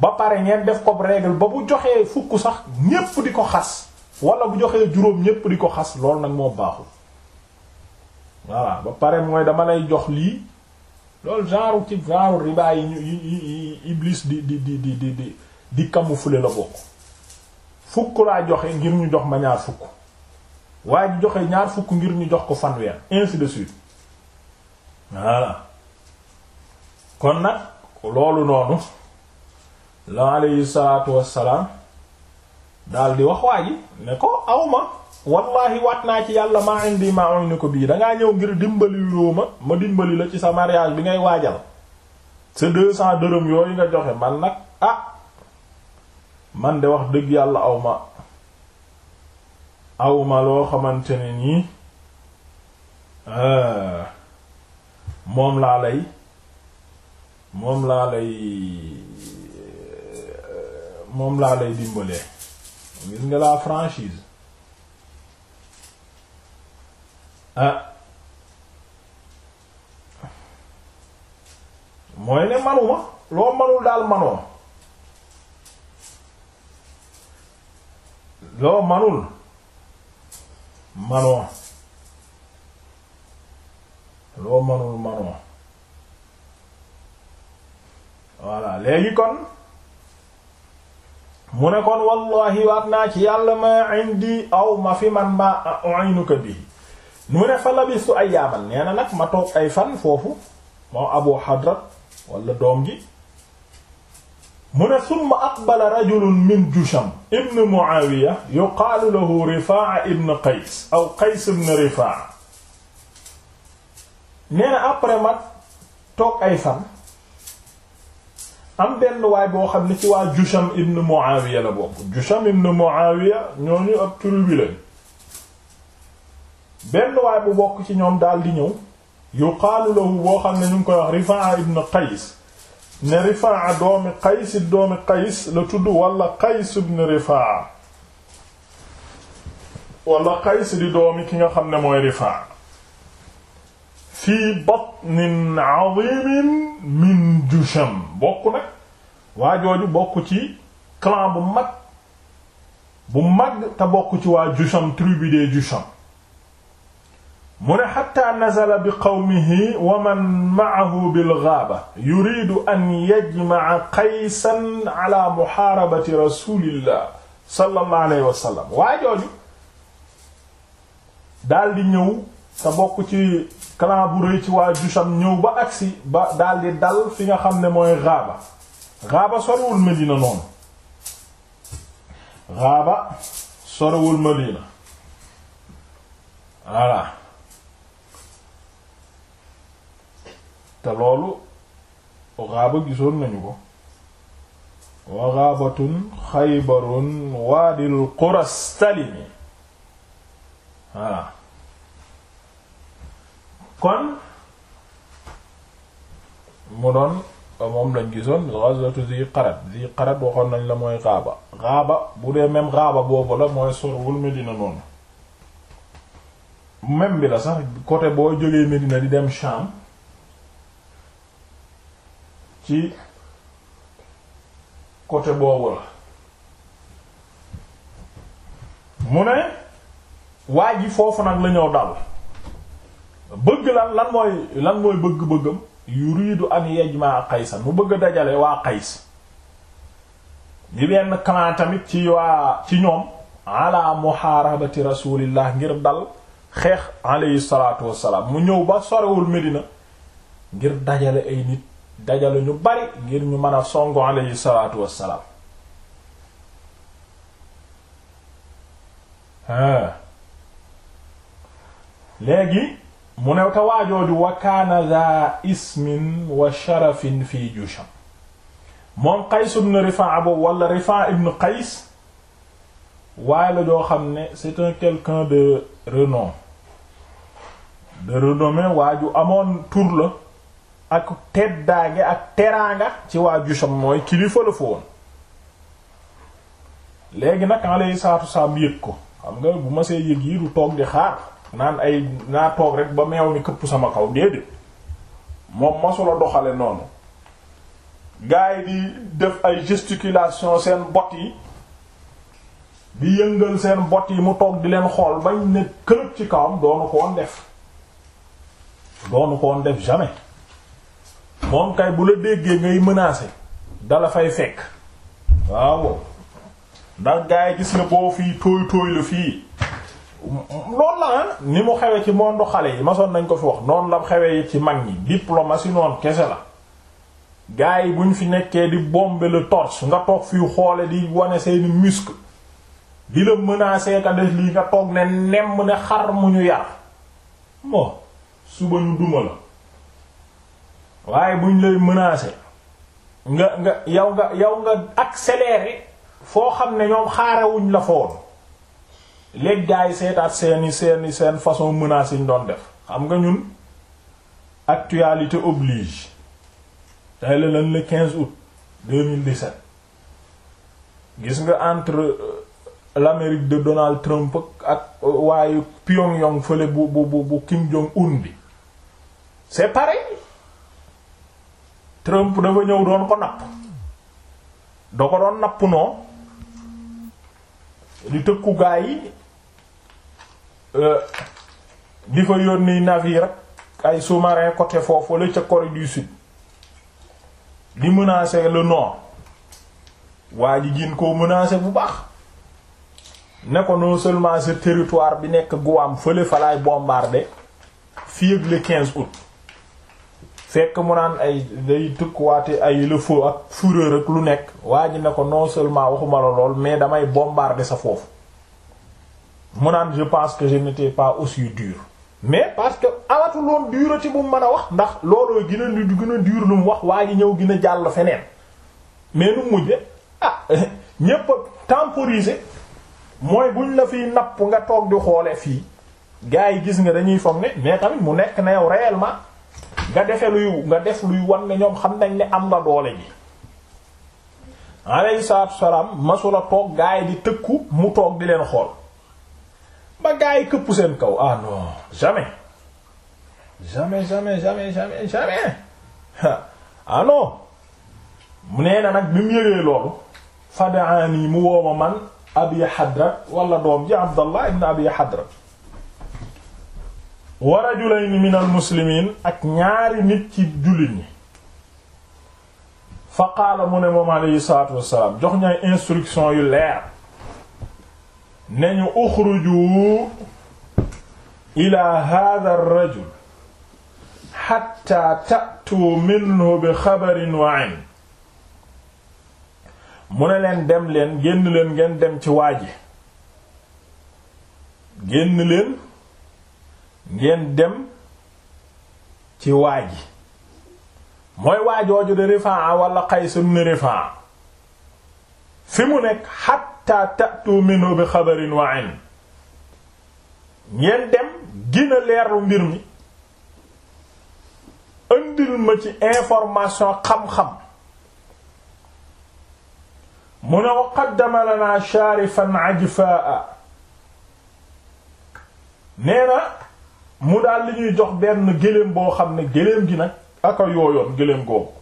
ba pare ngeen def ko règle ba bu joxee fukk sax ñépp di ko xas wala bu joxee juróom ñépp di ko xas lool nag moo baaxul voilà ba pare mooy dama lay jox lii loolu genre ci genre riba yi ñu iblis di di di di di di di fule la bokk fukk laa joxe ngir ñu jox ma ñaar fukk waaye ñu joxe ñaar fukk ngir ñu jox ko fanweer ainsi de suite voilà kon nag loolu noonu la alayhi salaatu wassalaam daal di wax waa ji ne ko awma wallahi waat naa ci yàlla maa indi maa am ni ko bii dangaa ñëw ngir dimbali loo ma ma dimbali la ci sa mariage bi ngay waajal sa deux cents dërëm yooyu nga joxe man nag ah man de wax dëgg yàlla awma awma loo xamante ne nii ah, moom laa lay moom laa lay moom laa lay dimbalee gis nga la franchise ah mooy ne manuma loo manul daal manoo loo manul manoo loo manul manoo voilà léegi kon mu ne kon wallahi waat naa ci yàlla ma indi aw ma fi man ma u'inuka bi mu ne fa labistu ay yaaman ma toog fan foofu moom abu hadrat wala doom gi mu ne summa min Jusham ibn Muawiya yuqaalu lahu Rifaa ibn Qays aw Qays ibn Rifaa nee na après mag toog ay fan am benn waay boo xam ne ci waa Jusham ibn Muawiya la bokk Jusham ibn Muawiya ñooñu ab turu bi benn waay bu bokk ci ñoom daal di ñëw yuqaalu lahu boo xam ne ñu ngi koy wax Rifaa ibn Qays ne Rifaa doomi Qays doomi Qays la tudd wala Qays ibn Rifaa wala Qays di doomi ki nga xam ne mooy Rifaa fii batnin azimin min Jusham bokk nag waa jooju bokk ci clan bu mag bu mag te bokk ci waa Jusham tribu de Jusham mu ne xatta nazala bi qawmihi wa man ma'ahu bil ghaaba yuridu an yajma'a Qaysan ala muhaarabati rasulillah sallallahu alayhi wa sallam waa jooju daal di ñëw te bokk ci clan bu rëy ci waa Jusham ñëw ba agsi ba daldi dal fi nga xam ne mooy Raaba Raaba sorowul Medina noonu Raaba sorowul Medina voilà te loolu Raaba gisoon nañu ko wa Raabatun Xaybarun Waadil Qurastalimi voilà kon mu doon moom lañ gisoon ghazwatu zi qarat zi qarat waxoon nañ la mooy gaaba gaaba bu dee même gaaba boobu la mooy sorwul Medina noonu même bi la sax côté boo jógee Medina di dem ci côté boobu la mu ne waa ji foofu nag la ñëw dal bëgg lan lan mooy lan mooy bëgg-bëggam yuridu an yajmaa Qaysan mu bëgg dajale waa Qays di benn clan tamit ci waa ci ñoom ala muharabati rasulillah ngir dal xeex alayhi salatu wasalaam mu ñëw ba sorewul Medina ngir dajale ay nit dajale ñu bari ngir ñu mën a songu alayhi salatu wasalaam léegi mu ne te waajooju wa kaana dha ismin wa sharafin fi Jusham moom Qays ibn Rifa'a boobu wala Rifa'a ibn Qays waaye la joo xam ne c'est un quelqu'un de renom de renommée waa amoon tur la ak teddaange ak teraanga ci waa Jusham mooy kilifa la fa léegi nag alayhi salaatu wassalaam yëg ko xam nga bu ma see yëg yi du toog di xaar naan ay naa toog rek ba meew mi këpp sama kaw déedéet moom masula doxale noonu gaay yi di def ay gesticulation seen bot yi di yëngal seen bot yi mu toog di leen xool bañ ne kërëb ci kawam doonu ko woon def doonu ko woon jamais moom bu la déggee ngay menacer dala fay fekk waaw ndax gars yi gis na boo fii tóoy tóoy fii loolu la ah ni mu xewe ci monde xale yi masoon nañ ko fi wax noonu la xewee ci mag ñi si noonu kese la gars yi buñ fi nekkee di bomber le torse nga toog fi xoole di wane seeni muscle di la menacer ka def lii nga toog ne nemm ne xar mu ñu yar moo suba ñu duma la waaye buñ lay mënaase nga nga yow nga yow nga accélérer foo xam ne ñoom xaarewuñ la fa léegi gaa yi seetaat seeni seeni seen façon menace yi ñu doon def xam nga ñun actualité oblige tey la lan le 15 août gis nga entre euh, l'Amérique de Donald Trump ak euh, waaye Pyongyang fële bu bu bu Kim Jong-un bi c'est pareil Trump dafa ñëw doon ko napp da ko doon napp noo di tëkku gaa yi Euh, di fa yónni navire ak ay sous-marin côté foofu la ca Corée du Sud di menacer le nord waa ji gin koo menacer bu baax ne ko non seulement ce territoire bi nekk Guam fële falaay bombarder fii ak le 15 août fekk mu naan ay day tukkuwaate ay le feu ak fureur ak lu nekk waa ji ne ko non seulement waxuma la lool mais damay bombarder sa foofu mu naan je pense que je n'étais pas aussi dur mais parce que amatul woon dur ci bu mu mën a wax ndax looloo gën a gën a dur lu mu wax waa ji ñëw gin a jàll feneen mais nu mujje ah ñépp temporiser mooy buñ la fiy napp nga toog di xoole fii gars yi gis nga dañuy foog ne mais tamit mu nekk na yow réellement nga defe luy nga def luy wan ne ñoom xam nañ ne am nga doole ji alayhi salaatu wa salaam masula toog gars yi di tëkku mu toog di leen xool ba gaa yi këpp seen kaw ah non jamais jamais jamais jamais jamais ah, nag bi mu yëree loolu fadaani mu wooma man abi hadrat walla doom ji abdallah ibn abi hadrat wa rajulayni min al muslimin ak ñaari nit ci jullit ñi fa qaala mu ne moom alayhi salaatu wassalaam jox ñaay instruction yu leer nañu uxruju ila hadha ar-rajul hatta ta'tu minhu bi xabarin wa in mu ne leen dem leen génn leen ngeen dem ci waa ji génn leen ngeen dem ci waa ji mooy waajooju de Rifaa wala Qays ibn Rifaa fi mu nekk xatta tatu minhu bi xabarin wa in ngeen dem gina leerlu mbir mi indil ma ci information xam-xam mu ne wa qaddama lana sharifan ajfaa nee na mu daal li ñuy jox benn gëléem boo xam ne gëléem gi nag aka yooyoon gëléem googu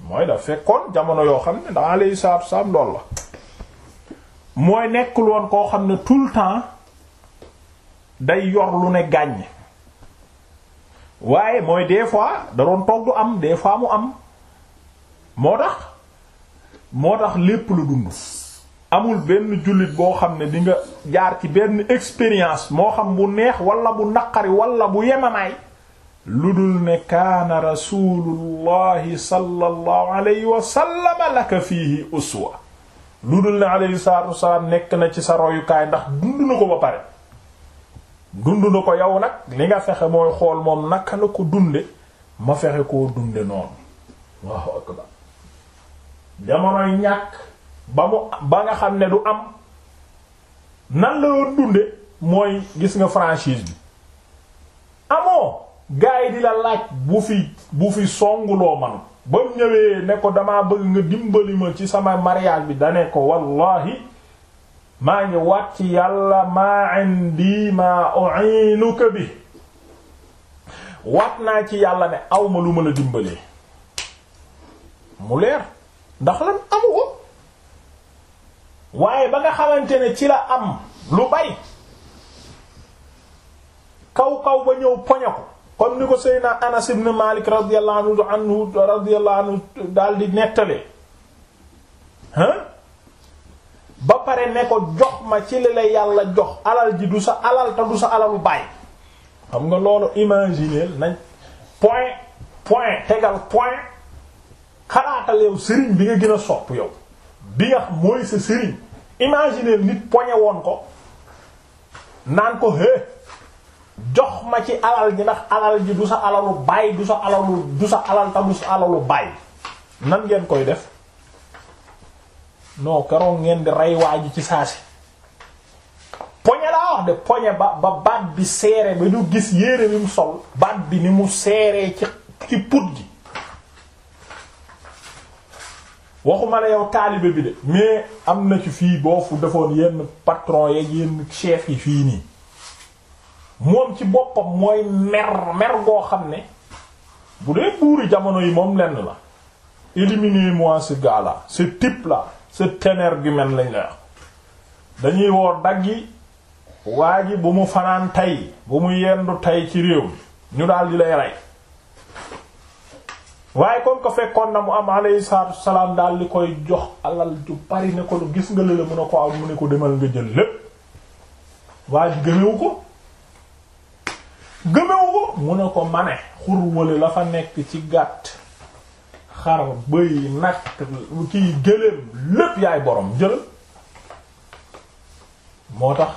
mooy da fekkoon jamono yoo xam ne daa alayhi salaatu wasalaam lool la mooy nekkul woon koo xam ne tout le temps day yor lu ne gàññ waaye mooy des fois da doon toog am des fois mu am moo tax moo tax lépp lu dund amul benn jullit boo xam ne dinga jaar ci benn expérience moo xam bu neex walla bu naqari wala bu yemamaay lu dul ne kaana rasulullahi sallallahu alayhi wa sallama laka fiihi uswa lu dul ne alayhi salaatu wasalaam nekk na ci sa royukaay ndax dund na ko ba pare dund na ko yow nag li nga fexe mooy xool moom naka la ko dunde ma fexe koo dunde noonu Allahu ñàkk ba mu ba nga xam ne du am nan la doon dunde mooy gis nga franchise bi amoo gaa yi di la laaj bu fi bu fi songuloo man ba mu ñëwee ne ko damaa bëgg nga dimbali ma ci sama mariage bi dane ko wallahi maa ngi ci yàlla maa indi maa u'inuka bi waat naa ci yàlla ne awma lu ma la dimbalee mu leer ndax lan amu ko waaye ba nga xamante ne ci la am lu bay kaw kaw ba ñëw poñe ko kon ni ko Seydina Anas ibn Malik radiyallahu anhu radiyallahu anhu daal nettalee ah ba pare ne ko jox ma ci li yàlla jox alal ji du sa alal te du sa alalu baay xam nga loolu imaginer nañ point point tegal point xalaatal yow sëriñ bi nga gën a sopp yow bi nga mooy sa sëriñ imaginer nit poñe woon ko naan ko hé jox ma ci alal ji ndax alal ji du sa alalu baay du sa alalu du sa alal ta alalu baay nan ngeen koy def non keroog ngeen di rey waa ji ci saasi poñe laa wax de poñe ba baat bi seere ba du gis yére bi mu sol baat bi ni mu seeree ci ci put gi waxuma la yow taalibe bi de mais am na fii boo fu defoon yenn patron yeeg yenn chef yi fii nii moom ci boppam mooy mer mer goo xam ne bu dee buuri jamono yi moom lenn la éliminez-moi ce gars-là ce type-là ce ténergumène lañ la wax dañuy woor dagg yi waa ji bu mu fanaan tey bu mu yendu tey ci réew ñu daal di lay rey waaye comme ko fekkoon na mu am alayhi salaam daal di koy jox alal ju bari ne ko lu gis nga lële mën a ko am mu ne ko demal nga jël lépp waa ji ko gëmewu ko mu ne ko mane xurwale la fa nekk ci gàtt xar bëy nag kiy gëléem lépp yaay boroom jël moo tax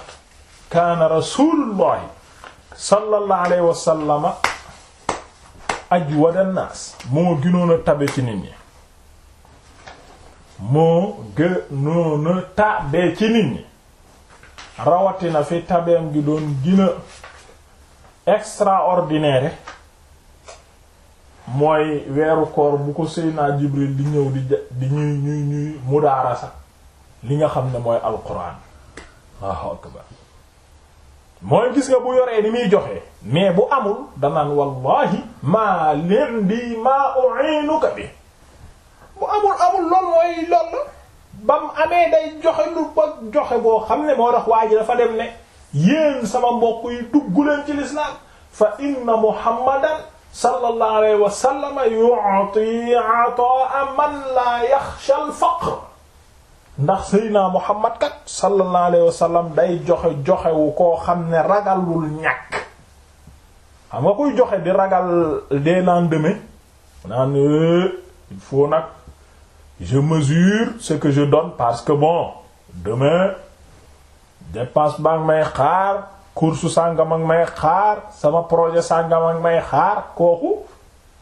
kaana rasulullahi sallallahu alayhi wa sallama ajwada naas moo gënoon tabe ci nit ñi moo gënoon tabe ci nit ñi rawatina fi tabeem gi doon gën extraordinaire mooy weeru koor bu ko Seydina Jibril di ñëw di di ñuy ñuy ñuy mudaarasa li nga xam ne mooy alquran waaw akbar mooy gis nga bu yoree ni muy joxe mais bu amul danaan wallahi maa leen di maa u'inuka bi bu amul amul lool mooy lool ba mu amee day joxe lu ba joxe boo xam ne moo tax waa ji dafa dem ne yéen sama mbokk yi dugg leen ci lislaam fa inna muhammadan sallallahu alayhi wa sallam yu'ti 'ata'a man la yakhsha al-faqr ndax seydina muhammad kat sallallahu alayhi wa sallam day joxe joxe wu koo xam ne ragalul ñàkk xam nga kuy joxe di ragal des lendemains naan eh, il faut nag je mesure ce que je donne parce que bon demain dépense baa ngi may xaar course sàngam ak may xaar sama projet sàngam ak may xaar kooku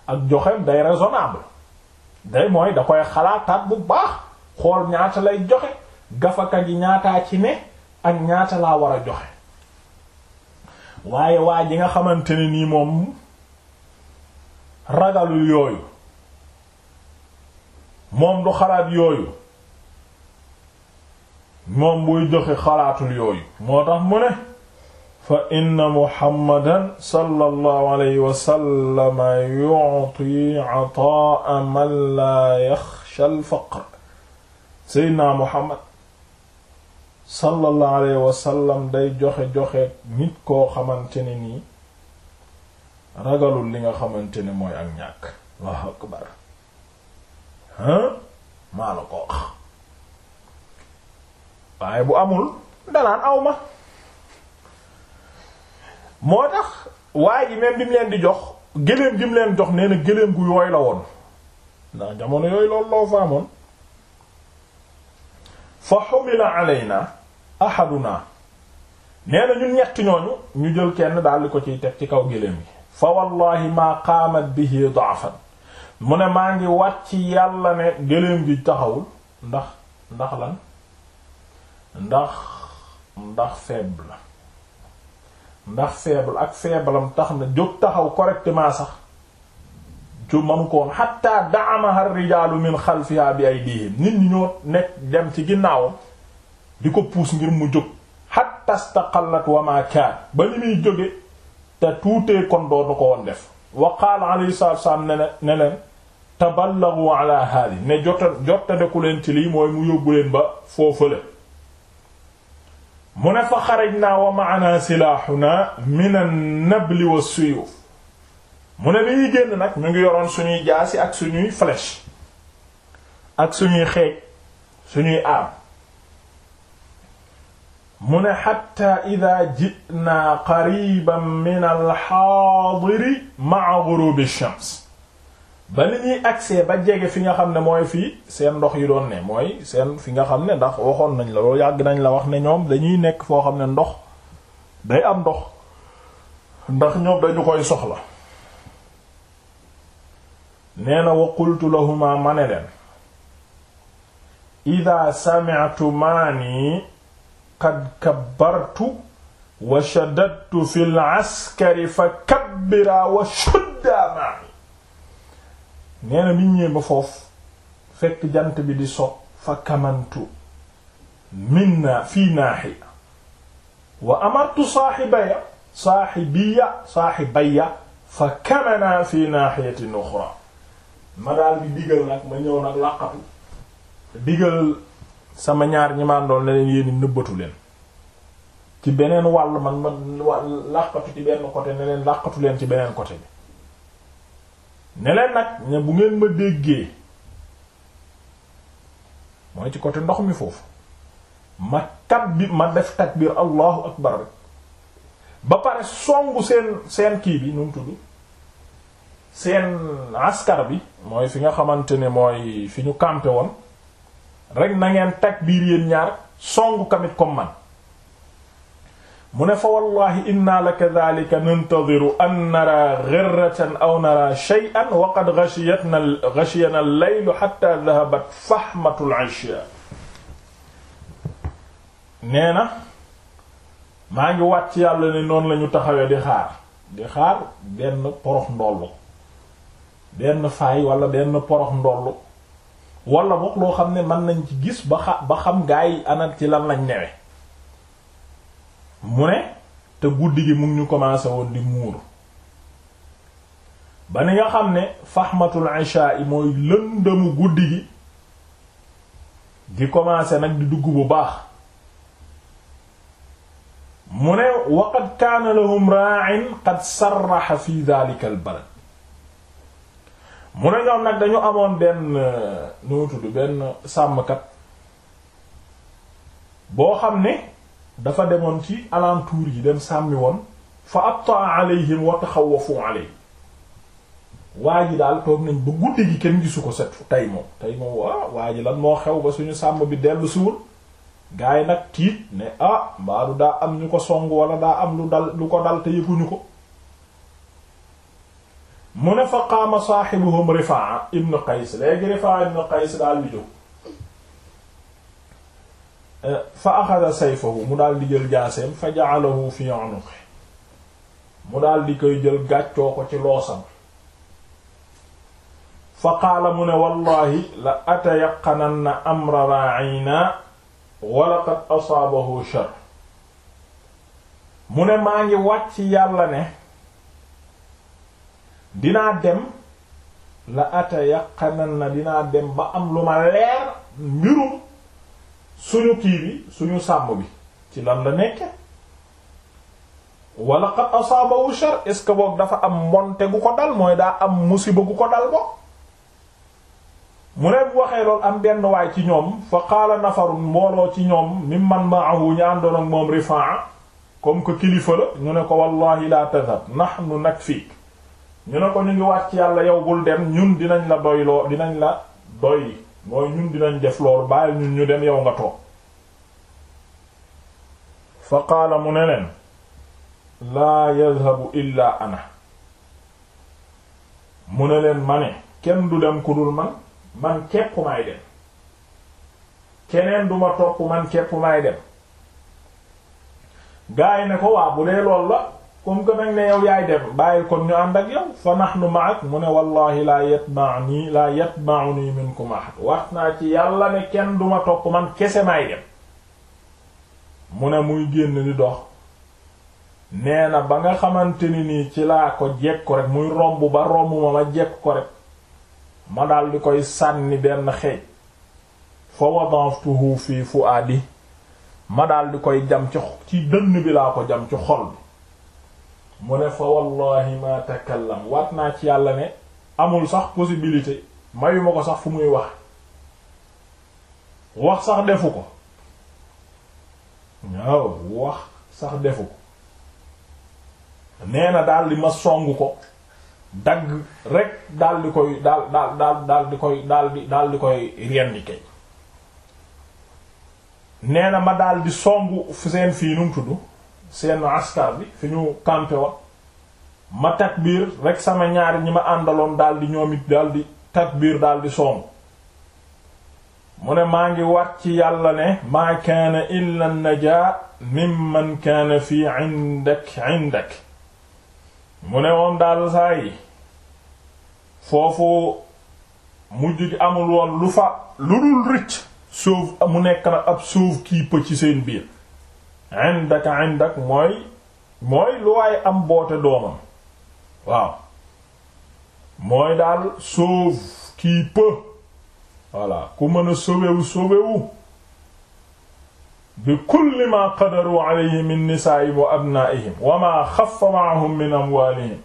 ak joxem day raisonnable day mooy da koy xalaataat bu baax xool ñaata lay joxe gafaka gi ñaataa ci ne ak ñaata laa war a joxe waaye waa ji nga xamante ni nii moom ragalul yooyu moom du xalaat yooyu moom buy joxe xalaatul yooyu moo tax mu ne fa inna muhammadan sallallahu alayhi wa sallam yu'ti ataa man la yaxsha al faqr seydna muhammad sallallahu alayhi wa sallam day joxe-joxe nit koo xamante ne nii ragalul li nga xamante ne mooy ak ñàkk Allahu akbar ha maa la ko wax waaye bu amul danaan aw ma moo tax waa ji bi mu leen di jox gëléem bi mu leen jox nee na gëléem gu yooy la woon ndax jamono yooyu loolu loo fa amoon fa xumila alayna ahaduna nee na ñun ñett ñooñu ñu jël kenn daal di ko ciy teg ci kaw gëléem gi fa wallahi maa bi bihi da'fan mu ne maa ngi wat ci yàlla ne gëléem gi taxawul ndax ndax lan ndax ndax faible ndax faible ak faible tax na jóg taxaw correctement sax ju ko koon xatta daamaha rijaalu min xalfiha bi aydihim nit ñi nekk dem ci ginnaawam di ko puus ngir mu jóg xatta staqallat wa ma kaan ba ni muy jóge te tuutee kon doonu ko woon def wa qaala alayhi salaatu wasalaam ne ne leen taballagu ala haadi ne jota jottadeku leen ci lii mooy mu yóbbu leen ba foofale mu ne fa xarajnaa wa maana silaaxuna min an-nabli wa suyuf mu ne dañuy génn nag ñu ngi yoroon suñuy jaasi ak suñuy flèche ak suñuy xeej suñuy aam mu ne xatta ida jinaa qariban min alxaadiri ma'a gurubi shams ba ni ñuy accès ba jege fi nga xam ne mooy fii seen ndox yi doon ne mooy seen fi nga xam ne ndax waxoon nañ la loolu yàgg nañ la wax ne ñoom dañuy nekk foo xam ne ndox day am ndox ndax ñoom dañu koy soxla nee wa qultu lahuma ma ne leen ida sami'tu maani qad kabbartu wa shadadtu fil askari fa kabbira wa shudda ma'i nee na biñ ñëwee ba foofu fekk jant bi di so fa kamantu minna fii naaxiya wa amartu saaxibaya saaxi saaxibaya fa kamanaa fii naaxiyatin uxra ma daal di digal nag ma ñëw nag làqatu digal sama ñaar ñi maan doon leneen nëbbatu leen ci beneen wàll man ma làqatu ci benn côté ne leen làqatu leen ci beneen côté bi ne leen nag ne bu ngeen ma déggee mooy ci côté ndox mi foofu ma bi ma def takbir allahu akbar rek ba pare songu seen seen kii bi nu mu tudd seen askar bi mooy fi nga xamante ne mooy fi ñu campé woon rek na ngeen takbir yéen ñaar songu kamit comme man mu ne fa wallahi inna la kadhalika nantadiru an nara ghirratan aw nara shay'an wa qad ghashiyatna ghashiyana al-laylu hatta dhahabat fahmatu al-'isha nee na maa ngi wàcc yàlla ne noon lañu taxawee di xaar di xaar benn porox ndollu benn faay wala benn porox ndollu wala boog loo xam ne mën nañ ci gis ba xam gaa yi ana ci lan lañ newe mu ne te guddi gi mu ngi ñu commencé woon di muur ba ni nga xam ne faxmatul isha yi mooy lëndëmu guddi gi di commencé nag di dugg bu baax mu ne wa qad kaana lahum ra'in qad sarraxa fi dhalika al mu ne ñoom nag dañu amoon benn nu tudd benn sàmmkat boo xam ne dafa demoon ci alentour yi dem sàmmi woon fa abtaa alayhim wa taxawafu alayhi waa ji daal toog nañ ba guddi gi kenn gisu ko set tey moom tey moom waa waa ji lan moo xew ba suñu sàmm bi dellu suur gars yi nag tiit ne ah mbaalu daa am ñu ko song wala daa am lu dal lu ko dal te yëguñu ko mu ne fa qaama saaxibuhum rifaa ibn qays léegi rifaa ibn qays daal di jóg fa axada sayfahu mu daldi jël jaaseem fa ja'alahu fi unuqi mu daal koy jël gàccoo ko ci loosam fa qaala mu ne wallahi la atayaqananna amra ra'ina walaqad asaabahu shar mu ne maa ngi wàcc yàlla ne dinaa dem la atayaqananna dinaa dem ba am lu ma leer mbirum suñu kii suñu sàmm bi ci lan la nekke wala qad asaabahu shar est ce boog dafa am mbonte gu ko dal mooy daa am musiba gu ko dal bo mu ne bu waxee loolu am benn waay ci ñoom fa qaala nafarun mbooloo ci ñoom mimman ma'ahu ñi àndoon ak moom rifaa comme que kilifa la ñu ne ko wallahi la tadhab nag nakfik ñu ne ko ñu ngi wàcc yàlla yow bul dem ñun dinañ la doyloo dinañ la doy mooy ñun dinañ def loolu bàyyi ñun ñu dem yow nga toog fa qaala mu ne leen laa yadhabu illaa ana mu ne leen ma ne kenn du dem ku dul man man képp maay dem keneen duma topp man képp maay dem gaay ne ko waa bu dee lool la comme que nag ne yaay dem bàyyi kon ñu ànd ak yow fa nahnu ma'ak mu ne wallahi laa yatba'uni laa yatba'uni minkum ahad wax naa ci yàlla ne kenn duma topp man kese maay dem mu ne muy génn di dox nee na ba nga xamante ni nii ci laa ko jekk ko muy romb ba romb ma ma jekk ko rek ma dal di koy sànni benn xeej fa wadaftuhu fi fuadi ma dal di koy jam ci ci dënn bi laa ko jam ci xol bi mu ne fa wallahi ma takallam waat naa ci yàlla ne amul sax possibilité mayu ma ko sax fu muy wax wax sax defu ko waaw wax sax defu ko nee na daal di ma song ko dagg rekk daal di koy daal daal daal daal di koy daal di daal di koy rendi nee na ma daal di song seen fii num tudd seen askar bi fi ñu campé woon ma takbiir rek sama ñaari ñi ma àndaloon daal di ñoom it daal di takbiir daal di mu ne maa ngi wax ci yàlla ne maa kaana illa najaa mimman kaana fii indak indak mu ne moom daal saa yi foofu mujj gi amul woon lu fa lu dul rëcc sauve mu nekk na ab sauve kii ci seen biir indaka indak mooy mooy lu waaye am boote doomam waaw mooy daal sauve qui peut voilà ku mën a sauvewu sauvewu bi kulli ma qadaru alayhi min wa abnaa'ihim wa ma xaffa ma'ahum min amwaalihim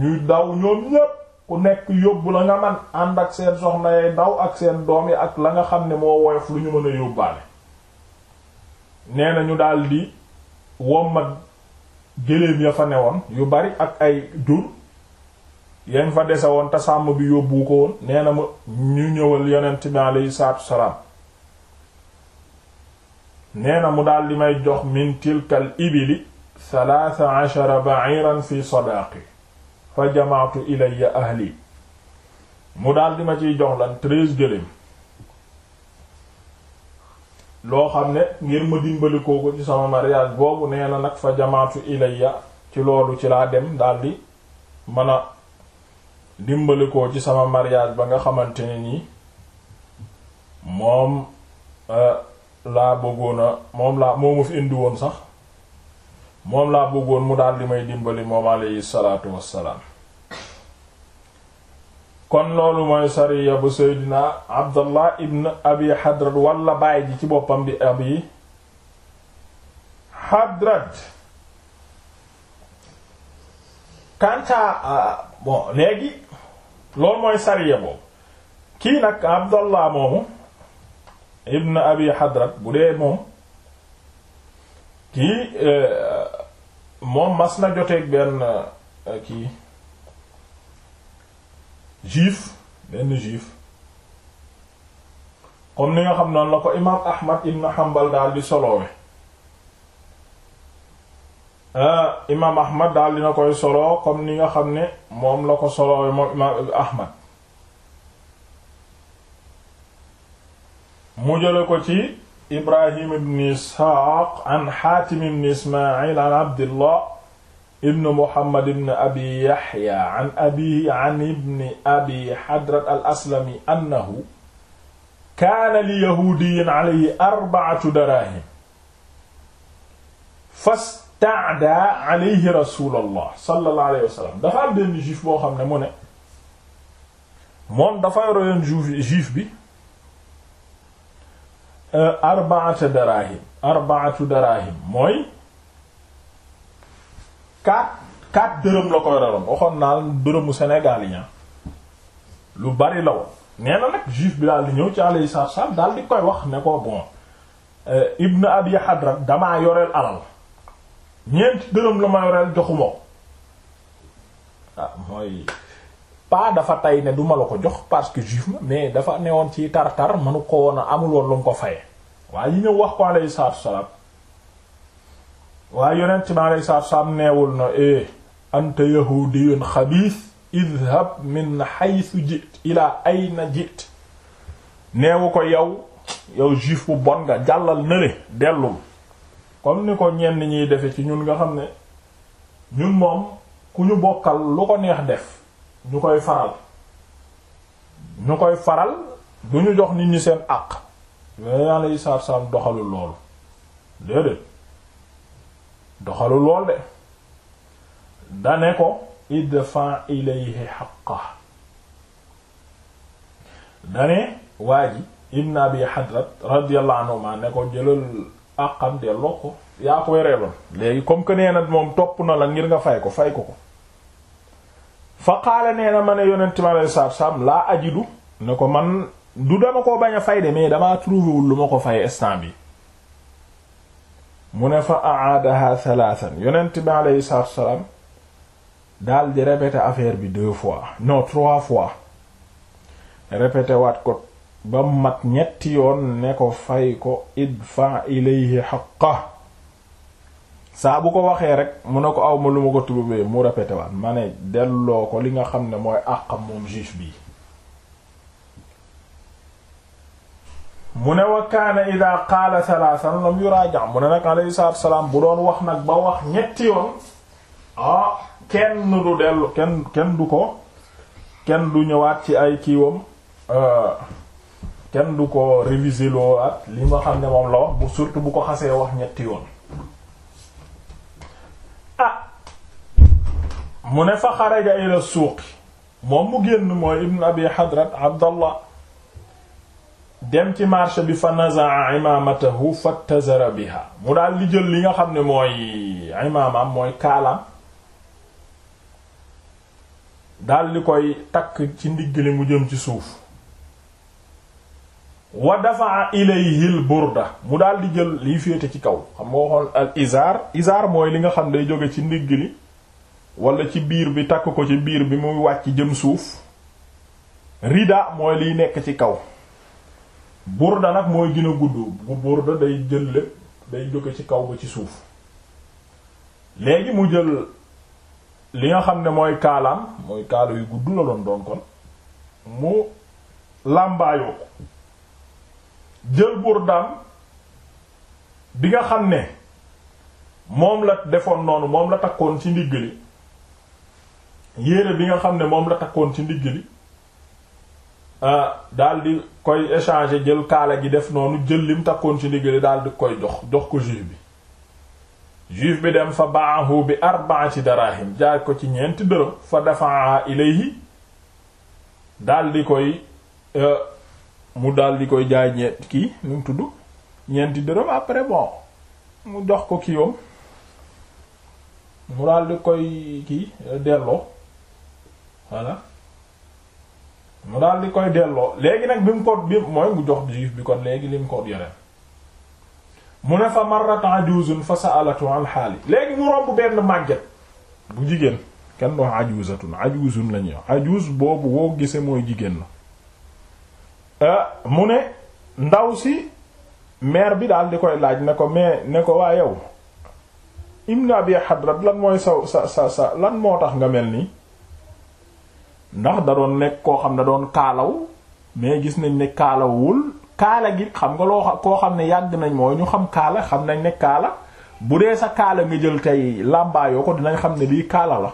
ñuy daw ñoom ñépp ku nekk yóbbu la nga man ànd ak seen soxna yay daw ak seen doom yi ak la nga xam ne moo woyof lu ñu mën a yóbbaale nee na ñu daal di wommat géléem ya fa newoon yu bari ak ay jur yañ fa dese woon te sàmm bi yóbbu ko woon nee ma ñu ñëwal yonent bi alayhi salaatu salaam nee mu daal di may jox min tilkal ibili salaasa ashara ba'iran fi sadaqi fa jamaatu ilayya ahli mu daal di ma ciy jox lan treize géléem loo xam ne ngir ma dimbalikoo ko ci sama mariage boobu nee na nag fa jamaatu ya ci loolu ci laa dem daldi mën a dimbalikoo ci sama mariage ba nga xamante ne nii moom euh, laa bëggoon a moom laa moomu fi indi woon sax moom laa bëggoon mu di may dimbali moom alayhi salaatu wassalaam kon loolu mooy sariya bu seydina abdallah ibn abi hadrat walla baay ji ci boppam bi abi hadrat kanta ah, bon léegi loolu mooy sariya boobu kii nag abdallah moomu ibn abi hadrat bu dee moom kii eh, moom mas na joteeg eh, kii juif benn juif comme ni nga la ko imaam Ahmad ibn Hanbal daal di soloowe ah, imaam Ahmad daal dina koy soloo comme ni nga xam ne moom la ko soloowe moom imaam Ahmad mu jële ko ci Ibrahim ibn Isxaaq an Xaatim ibn Ismaayil an Abdullah ibnu muhammad ibn abi yaxya an abi an ibni abi xadrat al aslami annahu kaana li yahuudiyin alayhi arba'atu daraahim fasta'daa alayhi rasuulullah sallallahu alayhi wa sallam dafa am benn juif boo xam ne mu ne moom dafa yoroon juif juif bi euh, arba'atu daraahim arba'atu daraahim mooy quatre quatre dërëm la ko yoreloon waxoon naa dërëmu Sénégal yi lu bari la woon nee na juif bi daal di ñëw ci alayhi salaatu salaam daal di koy wax ne ko bon euh, Ibn Abi Hadrat damaa yoreel alal ñeenti dërëm la ma yoreel joxuma ah mooy paa dafa tay ne duma la ko jox parce que juif ma mais dafa newoon ci tar-tar mënu ko woon a amul woon lu mu ko faye waaye yi ñëw wax ko alayhi salaam waaye yonent bi alayhi salaatu salaam neewul na e anta yahudiyun xabiis idhab min haythu jit ila ayna jit neewu ko yow yow juif bu bon nga jàllal nale dellul comme ni ko ñenn ñiy defe ci ñun nga xam ne ñun moom ku ñu bokkal lu ko neex def ñu koy faral ñu koy faral du ñu jox nit ñi seen àq yonent bi alayhi salaatu salaam doxalul loolu déedéet doxalu lool de dane ko idfa ilayhi xaqa dane waa ji ibn abi hadrat radiyallahu anhuma ne ko jëlal àqam delloo ko yaa ko wereeloon léegi comme que nee moom topp na la ngir nga fay ko fay ko ko fa qaala nee ma ne yonent mi alayhi salaatu salaam laa ajidu ne ko man du dama ko bañ a fay de mais damaa trouvé lu ma ko fay instant bi mu ne fa aadaha thalathan yonent bi aleyhi salaatu salaam daal di répéter affaire bi deux fois no trois fois répéter waat ko ba mat ñetti yoon ne ko fay ko idfa ilayhi haqqa saa bu ko waxee rek mu ne ko aw ma lu ma ko tubabee mu répéter waat ma ne delloo ko li nga xam ne mooy àqam moom juif bi mu ne wa kaana ida qaala salaasan lam yuraaja mu ne nag alayhi salaatu wasalaam bu doon wax nag ba wax ñetti yoon ah kenn du dellu kenn kenn du ko kenn du ñëwaat ci ay kiiwam ah, kenn du ko réviser loo at li nga xam ne moom la wax bu surtout bu ko xasee wax ñetti yoon ah mu ne fa xaraja ila suuqi moom mu génn mooy ibnu abi hadrat abdallah dem ci marché bi fa nazaa imaamatahu fattazara biha mu daal jël li nga xam ne mooy imaamam mooy kaalaam daldi koy takk ci ndigg li mu jëm ci suuf wa dafaa ilayhi al burda mu daal di jël liy féete ci kaw xam nga mooy li nga xam day jóge ci ndigg li wala ci biir bi takk ko ci biir bi muy wàcc jëm suuf rida mooy liy nekk ci kaw burda nag mooy gën a gudd bu burda day jël lépp day jóge ci kaw ba ci suuf léegi mu jël li nga xam ne mooy kaalaam mooy kaala yu gudd la doon doon mu làmbaayoo ko jël burdaam bi nga xam ne moom la defoon noonu moom la takkoon ci ndigg li yére bi nga xam ne moom la takkoon ci ndigg li Euh, daal di koy échanger jël kaala gi def noonu jël lim takkoon ci ndigale daal di koy jox jox ko juif bi juif bi dem fa baahu bi arbaati darahim jaay ko ci ñeenti dërëm fa dafaa ilayhi daal di koy euh, mu dal di koy jaay kii nu mu tudd ñeenti dërëm après bon mu jox ko kiiwam mu daal di koy kii delloo voilà mu daal di koy delloo léegi nag bi mu ko bi mooy mu jox juif bi kon léegi lim ko yeneen mu ne fa marrat ajuzun fa sa'alatu an xaali léegi mu romb benn màgget bu jigéen kenn du wax ajuzatun ajuzun lañuy wax ajuz boobu woo gisee mooy jigéen la euh, mu ne ndaw si mère bi daal di koy laaj ne ko mais ne ko waa yow naa abi hadrab lan mooy sa sa sa lan moo tax nga mel nii ndax da doon nekk koo xam ne doon kaalaw mais gis nañ ne kaalawul kaala gi xam nga loo koo xam ne yàgg nañ mooy ñu xam kaala xam nañ ne kaala bu dee sa kaala ngi jël tey làmbaayoo ko dinañ xam ne lii kaala la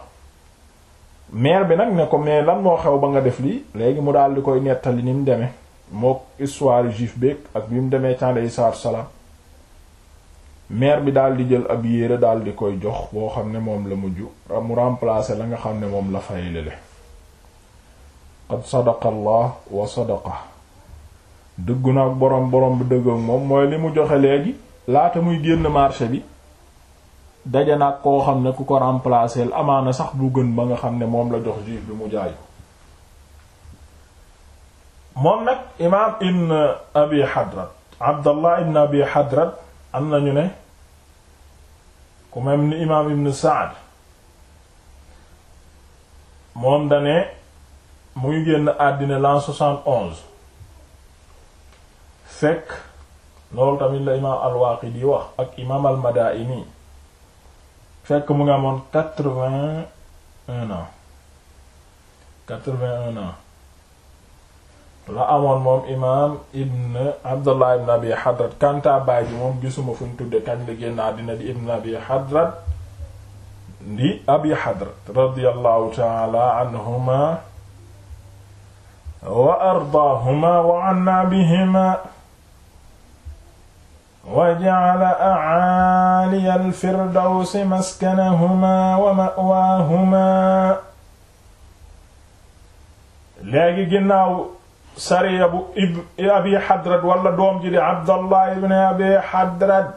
maire bi nag ne ko mais lan moo xew ba nga def lii léegi mu daal di koy nettali ni mu demee mook histoire juif beeg ak bi mu demee ca alayhi salaatu salaam meer bi daal di jël ab yére daal di koy jox boo xam ne moom la mujj mu remplacer la xam ne moom la fay qad sadaqa allah wa sadaqa dëggu na ak borom borom bu dëggoog moom mooy li mu joxe léegi laata muy génn marché bi daje nag koo xam ne ku ko remplacer amaana sax bu gën ba nga xam ne moom la jox juif bi mu jaay moom nag imaam ibn abi hadrat abdallah ibn abi hadrat am nañu ne ku mel ni imaam ibn saad moom dane mu ngi génn àddina l'an fekk loolu tamit la imaam al-Waaqidi wax ak imaam al-Madaa'ini fekk mu ngi amoon quatre-vingt un an quatre-vingt un an la amoon moom imaam ibn Abdullah ibn Abi Hadrad kanta baay bi moom gisuma fu ñu kañ la génn àddina di ibn Abi Hadrad di Abi Hadrad radiyallahu ta'ala anhuma wa ardaahuma wa anna bihima wa ja'ala a'aaliya al-firdawsi maskanahuma wa ma'waahuma léegi ginnaaw sariya bu abi xadrad wala doom ji di abdallah ibn abi xadrad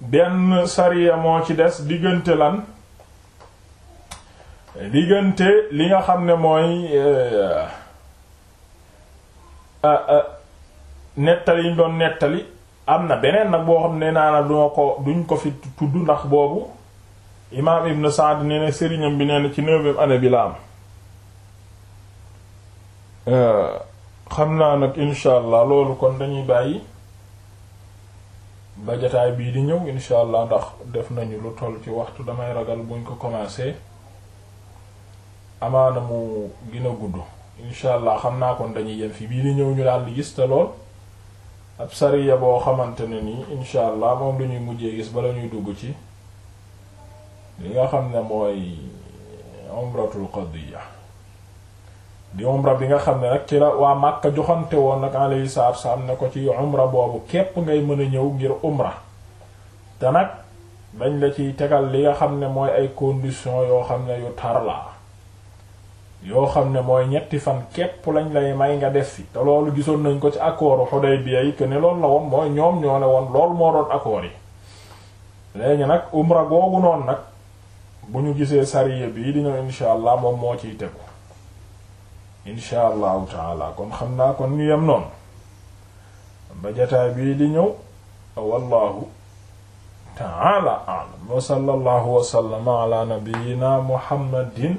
benn sariya moo ci des diggante lan diggante li nga xam ne mooy euh, euh, euh, nettali ñu doon nettali am na beneen nag boo xam ne naa na duma ko duñ ko fi tudd ndax boobu imaam ibn Saad nee na sëriñam bi nee ci neuvième année bi la am xam naa nag insha allah loolu kon dañuy bàyyi ba bii di ñëw insha allah ndax def nañu lu toll ci waxtu damay ragal buñ ko commencé amaana mu gën gudd incha xam naa kon dañuy yem fii bii di ñëw ñu daal di gis te lool ab sariya boo xamante ne nii incha allah moom lañuy mujjee gis bala ñuy dugg ci li nga xam ne mooy umratul qadiya di umra bi nga xam ne rek ci la waa Makka joxante woon nag alayhi salaatu am ne ko ci umra boobu képp ngay mën a ñëw ngir umra te nag dañ la ciy tegal li nga xam ne mooy ay conditions yoo xam ne yu tar la yoo xam ne mooy ñetti fan képp lañ lay may nga def fi te loolu gisoon nañ ko ci accord Hudaybiya yi que ne loolu la woon mooy ñoom ñoo ne woon loolu moo doon accord yi léegi nag umra googu noonu nag bu ñu gisee sariya bii di ñëw insha allah moom moo ciy tegu insha allahu taala kon xam naa kon ñu yem noonu ba bii di ñëw wallahu taala a'lam wa sallallahu wa sallama muhammadin